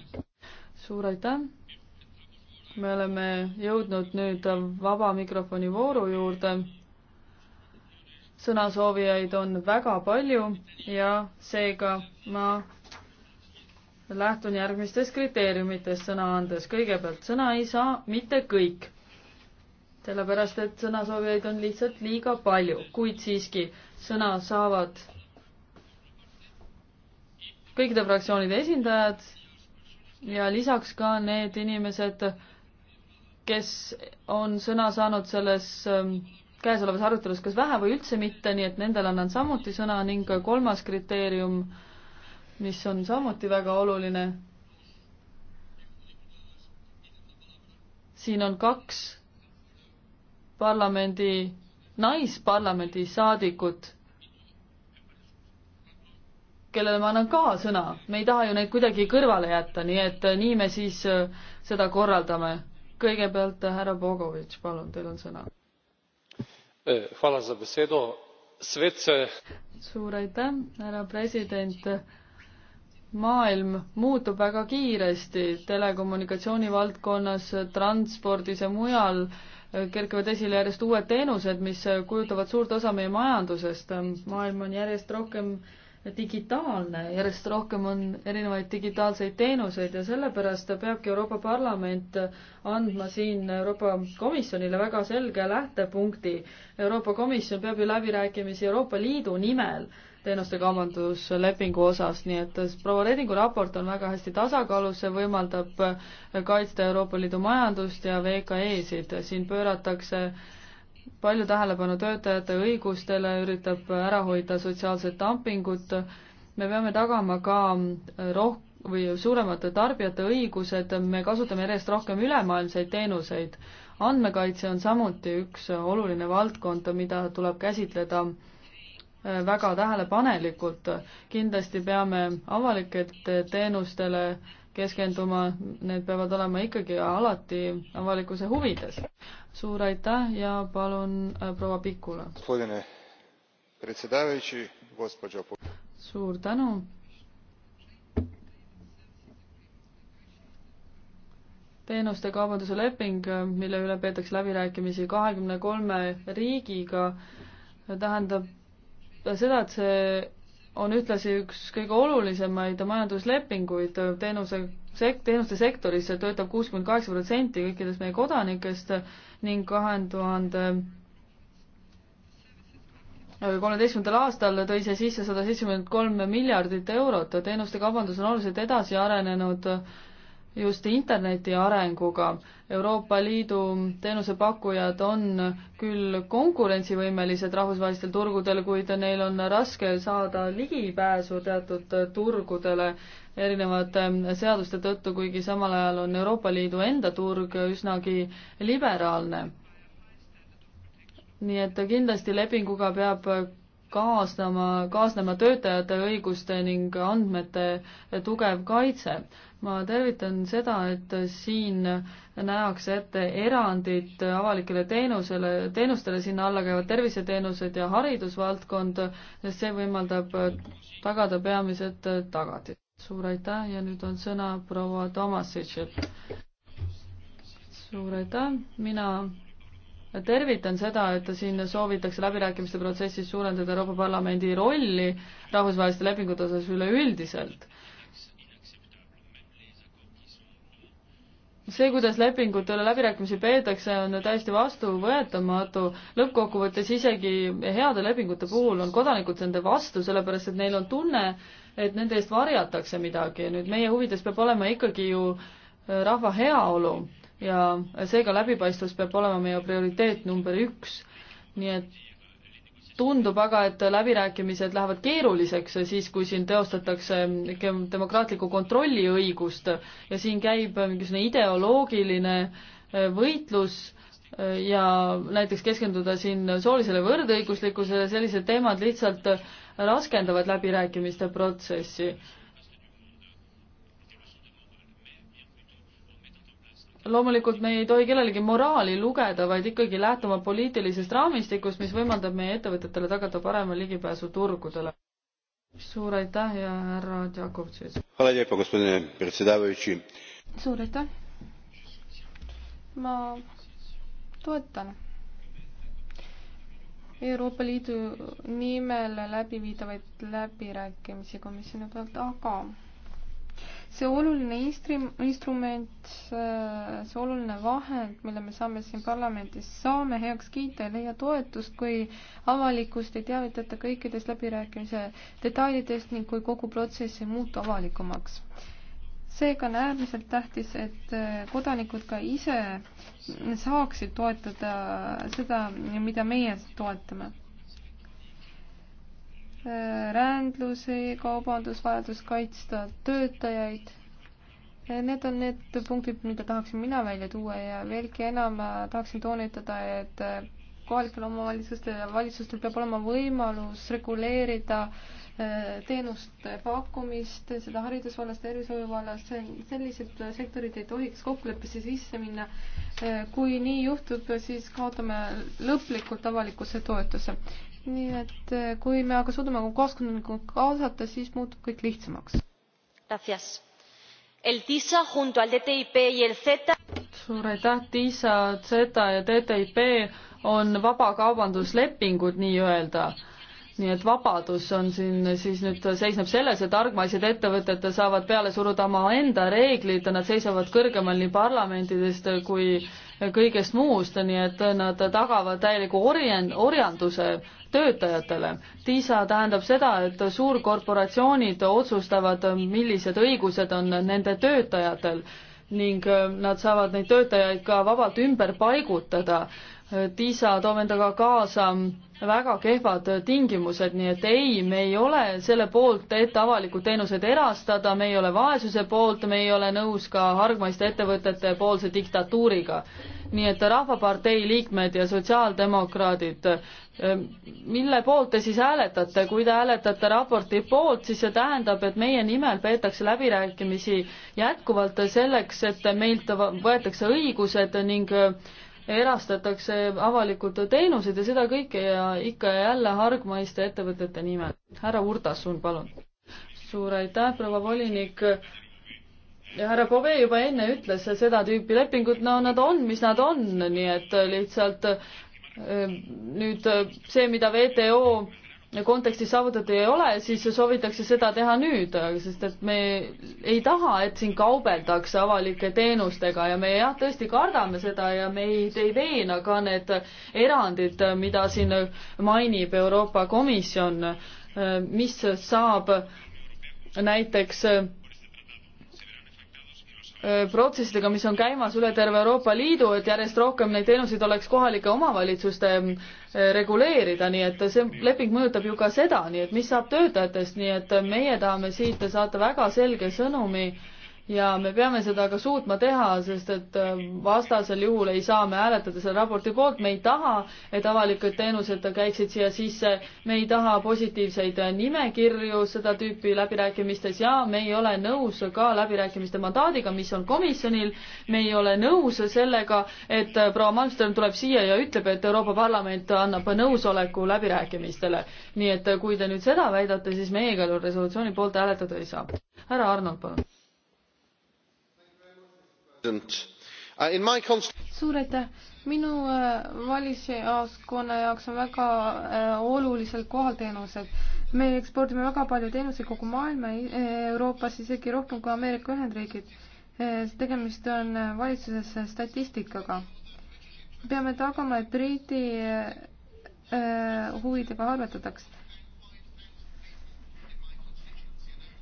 [SPEAKER 1] suur aitäh! me oleme jõudnud nüüd vaba mikrofoni vooru juurde sõnasoovijaid on väga palju ja seega ma lähtun järgmistest kriteeriumitest sõna andes. kõigepealt, sõna ei saa mitte kõik, sellepärast et sõnasoovijaid on lihtsalt liiga palju, kuid siiski sõna saavad kõikide fraktsioonide esindajad ja lisaks ka need inimesed, kes on sõna saanud selles ähm, käesolevas arutelus kas vähe või üldse mitte, nii et nendele annan samuti sõna ning kolmas kriteerium, mis on samuti väga oluline. siin on kaks parlamendi, naisparlamendi saadikut, kellele ma annan ka sõna, me ei taha ju neid kuidagi kõrvale jätta, nii et nii me siis äh, seda korraldame. kõigepealt äh, härra Bogovitš, palun, teil on sõna Eh, suur aitäh, härra president. maailm muutub väga kiiresti telekommunikatsiooni valdkonnas, transpordis ja mujal kerkivad esile järjest uued teenused, mis kujutavad suurt osa meie majandusest. maailm on järjest rohkem äh, digitaalne, järjest rohkem on erinevaid digitaalseid teenuseid ja sellepärast peabki Euroopa Parlament andma siin Euroopa Komisjonile väga selge lähtepunkti. Euroopa Komisjon peab ju läbirääkimisi Euroopa Liidu nimel teenuste kaubanduslepingu osas, nii et proua Redingu raport on väga hästi tasakaalus, see võimaldab kaitsta Euroopa Liidu majandust ja VKE-sid, siin pööratakse palju tähelepanu töötajate õigustele, üritab ära hoida sotsiaalset dumpingut. me peame tagama ka roh- või suuremate tarbijate õigused, me kasutame järjest rohkem ülemaailmseid teenuseid. andmekaitse on samuti üks oluline valdkond, mida tuleb käsitleda äh, väga tähelepanelikult. kindlasti peame avalikelt teenustele keskenduma, need peavad olema ikkagi alati avalikkuse huvides. suur aitäh ja palun äh, proua Pikula. suur tänu. teenuste kaubanduse leping, mille üle peetakse läbirääkimisi kahekümne kolme riigiga, tähendab seda, et see on ühtlasi üks kõige olulisemaid majanduslepinguid teenuse sek-, teenuste sektoris, see töötab kuuskümmend kaheksa protsenti kõikidest meie kodanikest ning kahe tuhande kolmeteistkümnendal aastal tõi see sisse sada seitsekümmend kolm miljardit eurot. teenuste kaubandus on oluliselt edasi arenenud just interneti arenguga. Euroopa Liidu teenusepakkujad on küll konkurentsivõimelised rahvusvahelistel turgudel, kuid neil on raske saada ligipääsu teatud turgudele erinevate seaduste tõttu, kuigi samal ajal on Euroopa Liidu enda turg üsnagi liberaalne. nii et kindlasti lepinguga peab kaasnema, kaasnema töötajate õiguste ning andmete tugev kaitse. ma tervitan seda, et siin nähakse ette erandid avalikele teenusele, teenustele, sinna alla käivad terviseteenused ja haridusvaldkond, sest see võimaldab tagada peamised tagatised. suur aitäh ja nüüd on sõna proua Tomasitšilt. suur aitäh, mina tervitan seda, et siin soovitakse läbirääkimiste protsessis suurendada Euroopa Parlamendi rolli rahvusvaheliste lepingute osas üleüldiselt. see, kuidas lepingute üle läbirääkimisi peetakse, on täiesti vastuvõetamatu. lõppkokkuvõttes isegi heade lepingute puhul on kodanikud nende vastu, sellepärast et neil on tunne, et nende eest varjatakse midagi. nüüd meie huvides peab olema ikkagi ju äh, rahva heaolu ja seega läbipaistvus peab olema meie prioriteet number üks. nii et tundub aga, et läbirääkimised lähevad keeruliseks siis, kui siin teostatakse demokraatliku kontrolli õigust ja siin käib mingisugune ideoloogiline võitlus ja näiteks keskenduda siin soolisele võrdõiguslikkusele, sellised teemad lihtsalt raskendavad läbirääkimiste protsessi loomulikult me ei tohi kellelegi moraali lugeda, vaid ikkagi lähtuma poliitilisest raamistikust, mis võimaldab meie ettevõtetele tagada parema ligipääsu turgudele. suur aitäh ja härra Tšakovtšis. suur aitäh.
[SPEAKER 3] ma toetan Euroopa Liidu nimel läbiviidavaid läbirääkimisi komisjoni poolt, aga see oluline instrim-, instrument, see oluline vahend, mille me saame siin parlamendis, saame heaks kiita ja leia toetust, kui avalikkust ei teavitata kõikidest läbirääkimise detailidest ning kui kogu protsess ei muutu avalikumaks. seega on äärmiselt tähtis, et kodanikud ka ise saaksid toetada seda, mida meie toetame rändlusi, kaubandus, vajadus kaitsta töötajaid. Need on need punktid, mida tahaksin mina välja tuua ja veelgi enam tahaksin toonitada, et kohalikel omavalitsustel ja valitsustel peab olema võimalus reguleerida äh, teenuste pakkumist, seda haridusvallas, tervishoiu vallas, sellised sektorid ei tohiks kokkuleppesse sisse minna. Äh, kui nii juhtub, siis kaotame lõplikult
[SPEAKER 2] avalikkuse toetuse
[SPEAKER 3] nii et äh, kui me aga suudame kaaskondlikku kaasata, siis muutub kõik lihtsamaks.
[SPEAKER 1] suur aitäh, TISA, CETA ja TTIP on vabakaubanduslepingud nii-öelda nii et vabadus on siin siis nüüd seisneb selles, et argmaised ettevõtted saavad peale suruda omaenda reeglid, nad seisavad kõrgemal nii parlamentidest kui kõigest muust, nii et nad tagavad täieliku orjand-, orjanduse töötajatele. TISA tähendab seda, et suurkorporatsioonid otsustavad, millised õigused on nende töötajatel ning nad saavad neid töötajaid ka vabalt ümber paigutada TISA toob endaga kaasa väga kehvad tingimused, nii et ei, me ei ole selle poolt, et avalikud teenused erastada, me ei ole vaesuse poolt, me ei ole nõus ka hargmaiste ettevõtete poolse diktatuuriga. nii et Rahvapartei liikmed ja sotsiaaldemokraadid, mille poolt te siis hääletate, kui te hääletate raporti poolt, siis see tähendab, et meie nimel peetakse läbirääkimisi jätkuvalt selleks, et meilt võetakse õigused ning erastatakse avalikud teenused ja seda kõike ja ikka ja jälle hargmaiste ettevõtete nimel. härra Urtasun, palun. suur aitäh, proua volinik. ja härra Pove juba enne ütles, seda tüüpi lepingud, no nad on, mis nad on, nii et lihtsalt eh, nüüd eh, see, mida WTO kontekstis saavutatud ei ole, siis soovitakse seda teha nüüd, sest et me ei taha, et siin kaubeldakse avalike teenustega ja me jah, tõesti kardame seda ja meid ei veena ka need erandid, mida siin mainib Euroopa Komisjon, mis saab näiteks Äh, protsessidega, mis on käimas üle terve Euroopa Liidu, et järjest rohkem neid teenuseid oleks kohalike omavalitsuste äh, reguleerida, nii et see leping mõjutab ju ka seda, nii et mis saab töötajatest, nii et meie tahame siit saata väga selge sõnumi äh, ja me peame seda ka suutma teha, sest et äh, vastasel juhul ei saa me hääletada selle raporti poolt, me ei taha, et avalikud teenused käiksid siia sisse, me ei taha positiivseid äh, nimekirju seda tüüpi läbirääkimistes ja me ei ole nõus ka läbirääkimiste mandaadiga, mis on komisjonil, me ei ole nõus sellega, et äh, proua Malmström tuleb siia ja ütleb, et Euroopa Parlament annab nõusoleku läbirääkimistele. nii et kui te nüüd seda väidate, siis me igal juhul resolutsiooni poolt hääletada ei saa. härra Arnold, palun
[SPEAKER 3] Uh,
[SPEAKER 1] suur aitäh! minu uh, valijaskonna
[SPEAKER 3] jaoks on väga uh, olulisel kohal teenused. me ekspordime väga palju teenuseid kogu maailma, e, Euroopas isegi rohkem kui Ameerika Ühendriigid. E, tegemist on valitsuses statistikaga. peame tagama, et Briti e, huvidega arvestatakse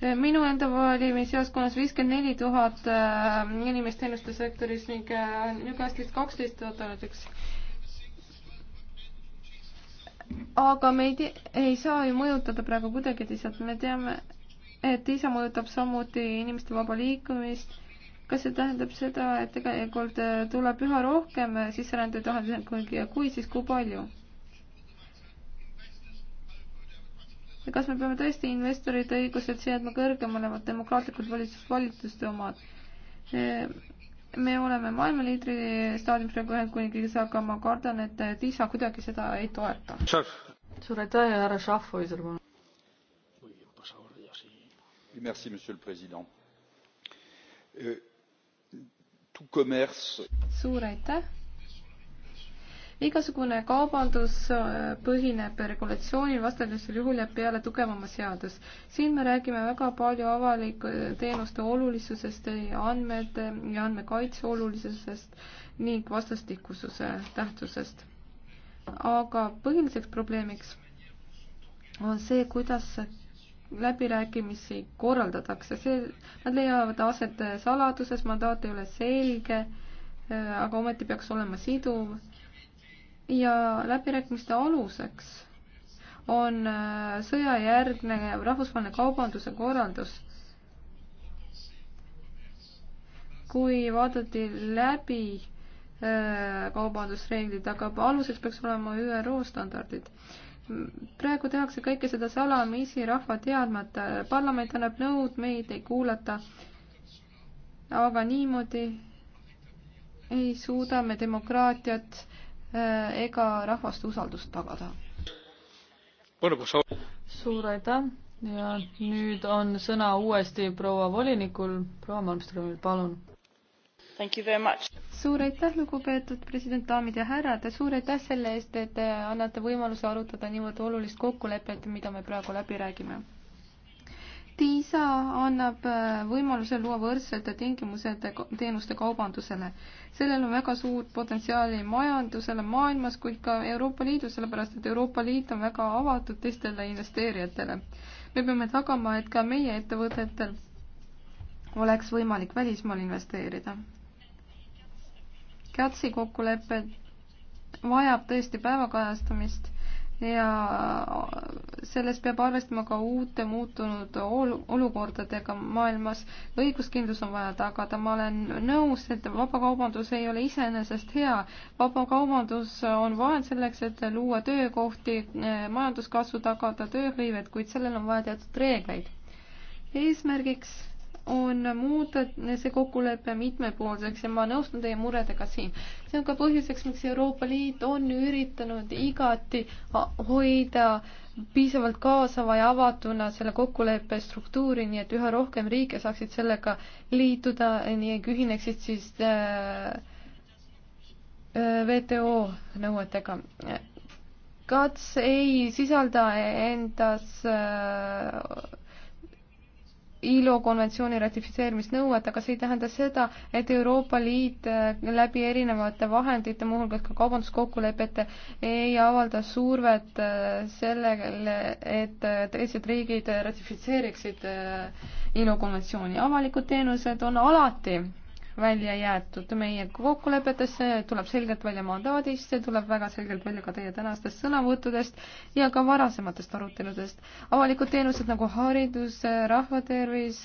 [SPEAKER 3] minu enda valimisjaoskonnas viiskümmend neli tuhat äh, inimest teenustesektoris ning äh, Newcastlist kaksteist tuhat näiteks. aga me ei tea, ei saa ju mõjutada praegu kuidagi lihtsalt, me teame, et isa mõjutab samuti inimeste vaba liikumist. kas see tähendab seda, et tegelikult äh, tuleb üha rohkem sisserändajaid vahetusel, kui, kui, siis kui palju? ja kas me peame tõesti investorite õigused seadma kõrgemale demokraatlikult valitsus valituste omad? E, me oleme maailma liidri staadiumis praegu Ühendkuningriigis, aga ma kardan, et TISA kuidagi seda ei toeta.
[SPEAKER 1] suur aitäh ja härra Schaffhäuser, palun. Merci, monsieur le président. Euh, tout commerce.
[SPEAKER 3] Suur aitäh igasugune kaubandus äh, põhineb regulatsioonil, vastandusel juhul jääb peale tugevama seadus. siin me räägime väga palju avalike äh, teenuste olulisusest, äh, andmete ja andmekaitse olulisusest ning vastastikususe tähtsusest. aga põhiliseks probleemiks on see, kuidas läbirääkimisi korraldatakse, see, nad leiavad aset saladuses, mandaat ei ole selge, aga ometi peaks olema siduv ja läbirääkimiste aluseks on äh, sõjajärgne rahvusvaheline kaubanduse korraldus. kui vaadati läbi äh, kaubandusreeglid, aga aluseks peaks olema ÜRO standardid. praegu tehakse kõike seda salamisi rahva teadmata, parlament annab nõud, meid ei kuulata. aga niimoodi ei suuda me demokraatiat Äh, ega rahvaste usaldust
[SPEAKER 1] tagada. suur aitäh ja nüüd on sõna uuesti proua volinikul, proua Malmströmil, palun.
[SPEAKER 3] suur aitäh, lugupeetud president, daamid ja härrad, suur aitäh selle eest, et te annate võimaluse arutada niivõrd olulist kokkulepet, mida me praegu läbi räägime TISA annab äh, võimaluse luua võrdsed tingimused teenuste kaubandusele. sellel on väga suurt potentsiaali majandusele maailmas, kuid ka Euroopa Liidus, sellepärast et Euroopa Liit on väga avatud teistele investeerijatele. me peame tagama, et ka meie ettevõtetel oleks võimalik välismaal investeerida. CATS-i kokkulepe vajab tõesti päevakajastamist ja selles peab arvestama ka uute muutunud olukordadega maailmas. õiguskindlus on vaja tagada, ma olen nõus, et vabakaubandus ei ole iseenesest hea. vabakaubandus on vahend selleks, et luua töökohti, majanduskasvu tagada, tööhõivet, kuid sellel on vaja teatud reegleid. eesmärgiks on muuta see kokkulepe mitmepoolseks ja ma nõustun teie muredega siin. see on ka põhjuseks, miks Euroopa Liit on üritanud igati hoida piisavalt kaasava ja avatuna selle kokkuleppe struktuuri, nii et üha rohkem riike saaksid sellega liituda ning ühineksid siis äh, äh, WTO nõuetega kats ei sisalda endas äh, ILO konventsiooni ratifitseerimist nõuet, aga see ei tähenda seda, et Euroopa Liit äh, läbi erinevate vahendite, muuhulgas ka kaubanduskokkulepete, ei avalda survet äh, sellele, et äh, teised riigid ratifitseeriksid ILO konventsiooni. avalikud teenused on alati välja jäetud meie kokkulepetesse, tuleb selgelt välja mandaadist, see tuleb väga selgelt välja ka teie tänastest sõnavõttudest ja ka varasematest aruteludest. avalikud teenused nagu haridus, rahvatervis,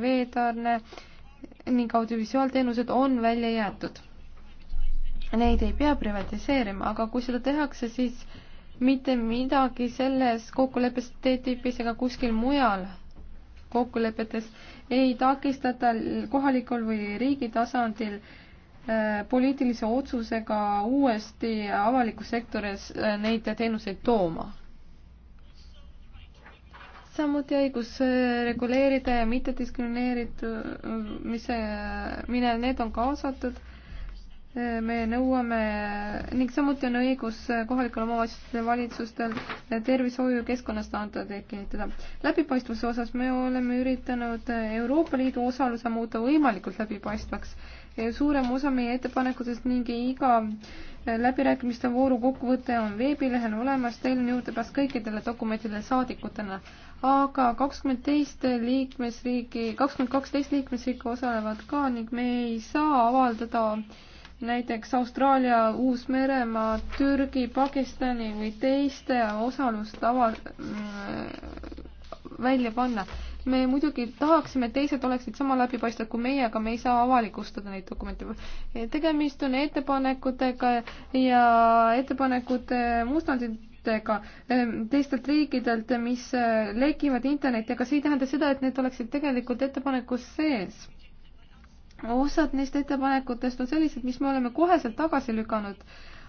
[SPEAKER 3] veetarne ning audiovisuaalteenused on välja jäetud. Neid ei pea privatiseerima, aga kui seda tehakse, siis mitte midagi selles kokkuleppes TTIP-is ega kuskil mujal kokkulepetes ei takistata kohalikul või riigi tasandil äh, poliitilise otsusega uuesti avalikus sektoris äh, neid teenuseid tooma samuti õigus äh, reguleerida ja mitte diskrimineerimise, mille need on kaasatud me nõuame ning samuti on õigus kohalikel omavalitsustel, valitsustel tervishoiu keskkonnastandardeid kinnitada. läbipaistvuse osas me oleme üritanud Euroopa Liidu osaluse muuta võimalikult läbipaistvaks. suurem osa meie ettepanekutest ning iga läbirääkimiste vooru kokkuvõte on veebilehel olemas, teil on juurdepääs kõikidele dokumentidele saadikutena aga kakskümmend teist liikmesriigi, kakskümmend kaksteist liikmesriiki osalevad ka ning me ei saa avaldada äh, näiteks Austraalia, Uus-Meremaa, Türgi, Pakistani või teiste osalust ava- mm, välja panna. me muidugi tahaksime, et teised oleksid sama läbipaistvad kui meie, aga me ei saa avalikustada neid dokumente. tegemist on ettepanekutega ja ettepanekute mustanditega ehm, teistelt riikidelt, mis eh, lekivad internetti, aga see ei tähenda seda, et need oleksid tegelikult ettepanekus sees osad neist ettepanekutest on sellised, mis me oleme koheselt tagasi lükanud,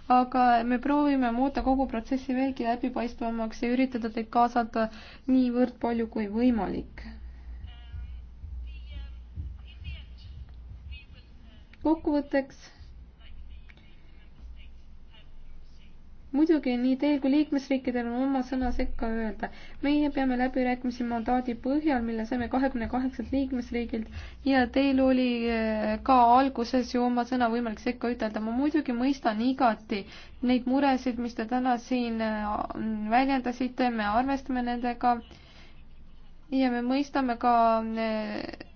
[SPEAKER 3] aga me proovime muuta kogu protsessi veelgi läbipaistvamaks ja üritada teid kaasata niivõrd palju kui võimalik. kokkuvõtteks muidugi nii teil kui liikmesriikidel on oma sõna sekka öelda. meie peame läbirääkimisi mandaadi põhjal, mille saime kahekümne kaheksalt liikmesriigilt ja teil oli eh, ka alguses ju oma sõna võimalik sekka ütelda. ma muidugi mõistan igati neid muresid, mis te täna siin eh, väljendasite, me arvestame nendega ja me mõistame ka eh,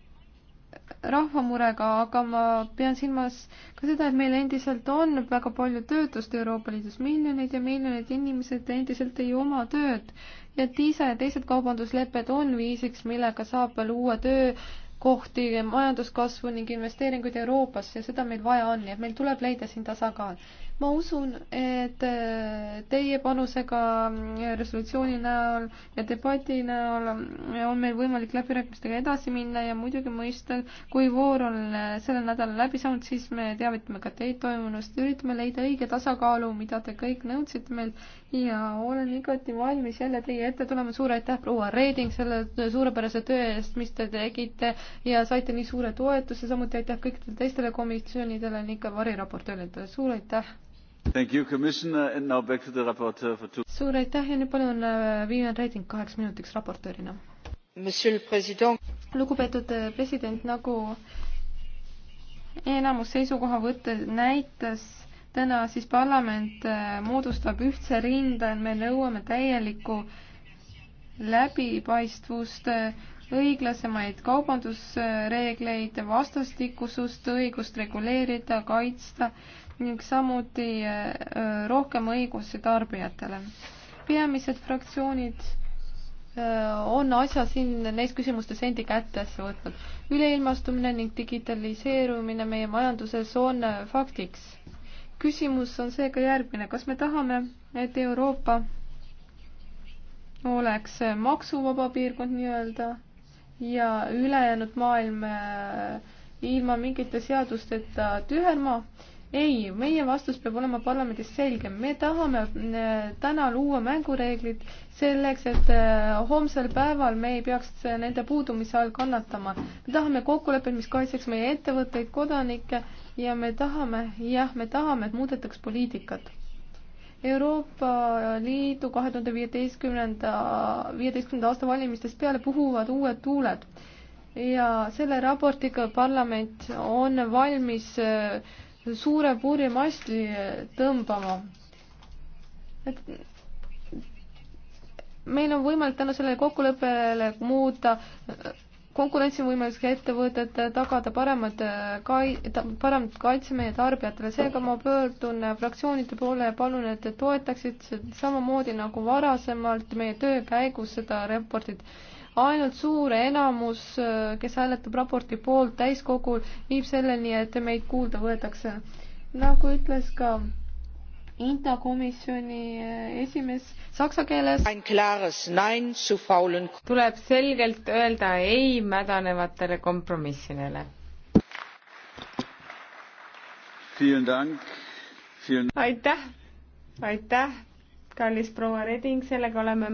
[SPEAKER 3] rahva murega, aga ma pean silmas ka seda, et meil endiselt on väga palju töötust Euroopa Liidus, miljoneid ja miljoneid inimesed endiselt ei oma tööd ja teise, teised kaubanduslepped on viisiks, millega saab luua töökohti, majanduskasvu ning investeeringuid Euroopas ja seda meil vaja on, nii et meil tuleb leida siin tasakaal ma usun, et äh, teie panusega äh, resolutsiooni näol ja debati näol äh, on meil võimalik läbirääkimistega edasi minna ja muidugi mõistan, kui voor on selle nädala läbi saanud, siis me teavitame ka teid toimunust, üritame leida õige tasakaalu, mida te kõik nõudsite meilt ja olen igati valmis jälle teie ette tulema, suur aitäh, proua Reiding, selle suurepärase töö eest, mis te tegite ja saite nii suure toetuse, samuti aitäh kõikidele teistele komisjonidele ning ka variraportööridele, suur aitäh! suur aitäh ja nüüd palun äh, Vivian Reiding kaheks minutiks raportöörina. lugupeetud äh, president, nagu enamus seisukohavõtte näitas, täna siis parlament äh, moodustab ühtse rinde, me nõuame täielikku läbipaistvust, äh, õiglasemaid kaubandusreegleid, vastastikusust, õigust reguleerida, kaitsta ning samuti äh, rohkem õigusi tarbijatele. peamised fraktsioonid on asja siin neis küsimustes endi kätesse võtnud. üleilmastumine ning digitaliseerumine meie majanduses on faktiks küsimus on seega järgmine, kas me tahame, et Euroopa oleks maksuvaba piirkond nii-öelda ja ülejäänud maailm äh, ilma mingite seadusteta tühermaa? ei, meie vastus peab olema parlamendis selgem, me tahame äh, täna luua mängureeglid selleks, et äh, homsel päeval me ei peaks nende puudumise all kannatama. me tahame kokkulepet, mis kaitseks meie ettevõtteid, kodanikke ja me tahame, jah, me tahame, et muudetaks poliitikat. Euroopa Liidu kahe tuhande viieteistkümnenda, viieteistkümnenda aasta valimistest peale puhuvad uued tuuled ja selle raportiga parlament on valmis äh, suure purjemasti äh, tõmbama. et meil on võimalik tänu sellele kokkuleppele muuta äh, konkurentsivõimelisega ettevõtet tagada paremat äh, kai-, paremat kaitse meie tarbijatele, seega ma pöördun äh, fraktsioonide poole ja palun, et te toetaksite samamoodi nagu varasemalt meie töö käigus seda raportit. ainult suur enamus, äh, kes hääletab raporti poolt täiskogul, viib selleni, et meid kuulda võetakse. nagu ütles ka INTA komisjoni eh, esimees
[SPEAKER 2] saksa keeles. tuleb selgelt öelda ei mädanevatele kompromissidele. aitäh, aitäh, kallis proua Reding, sellega oleme me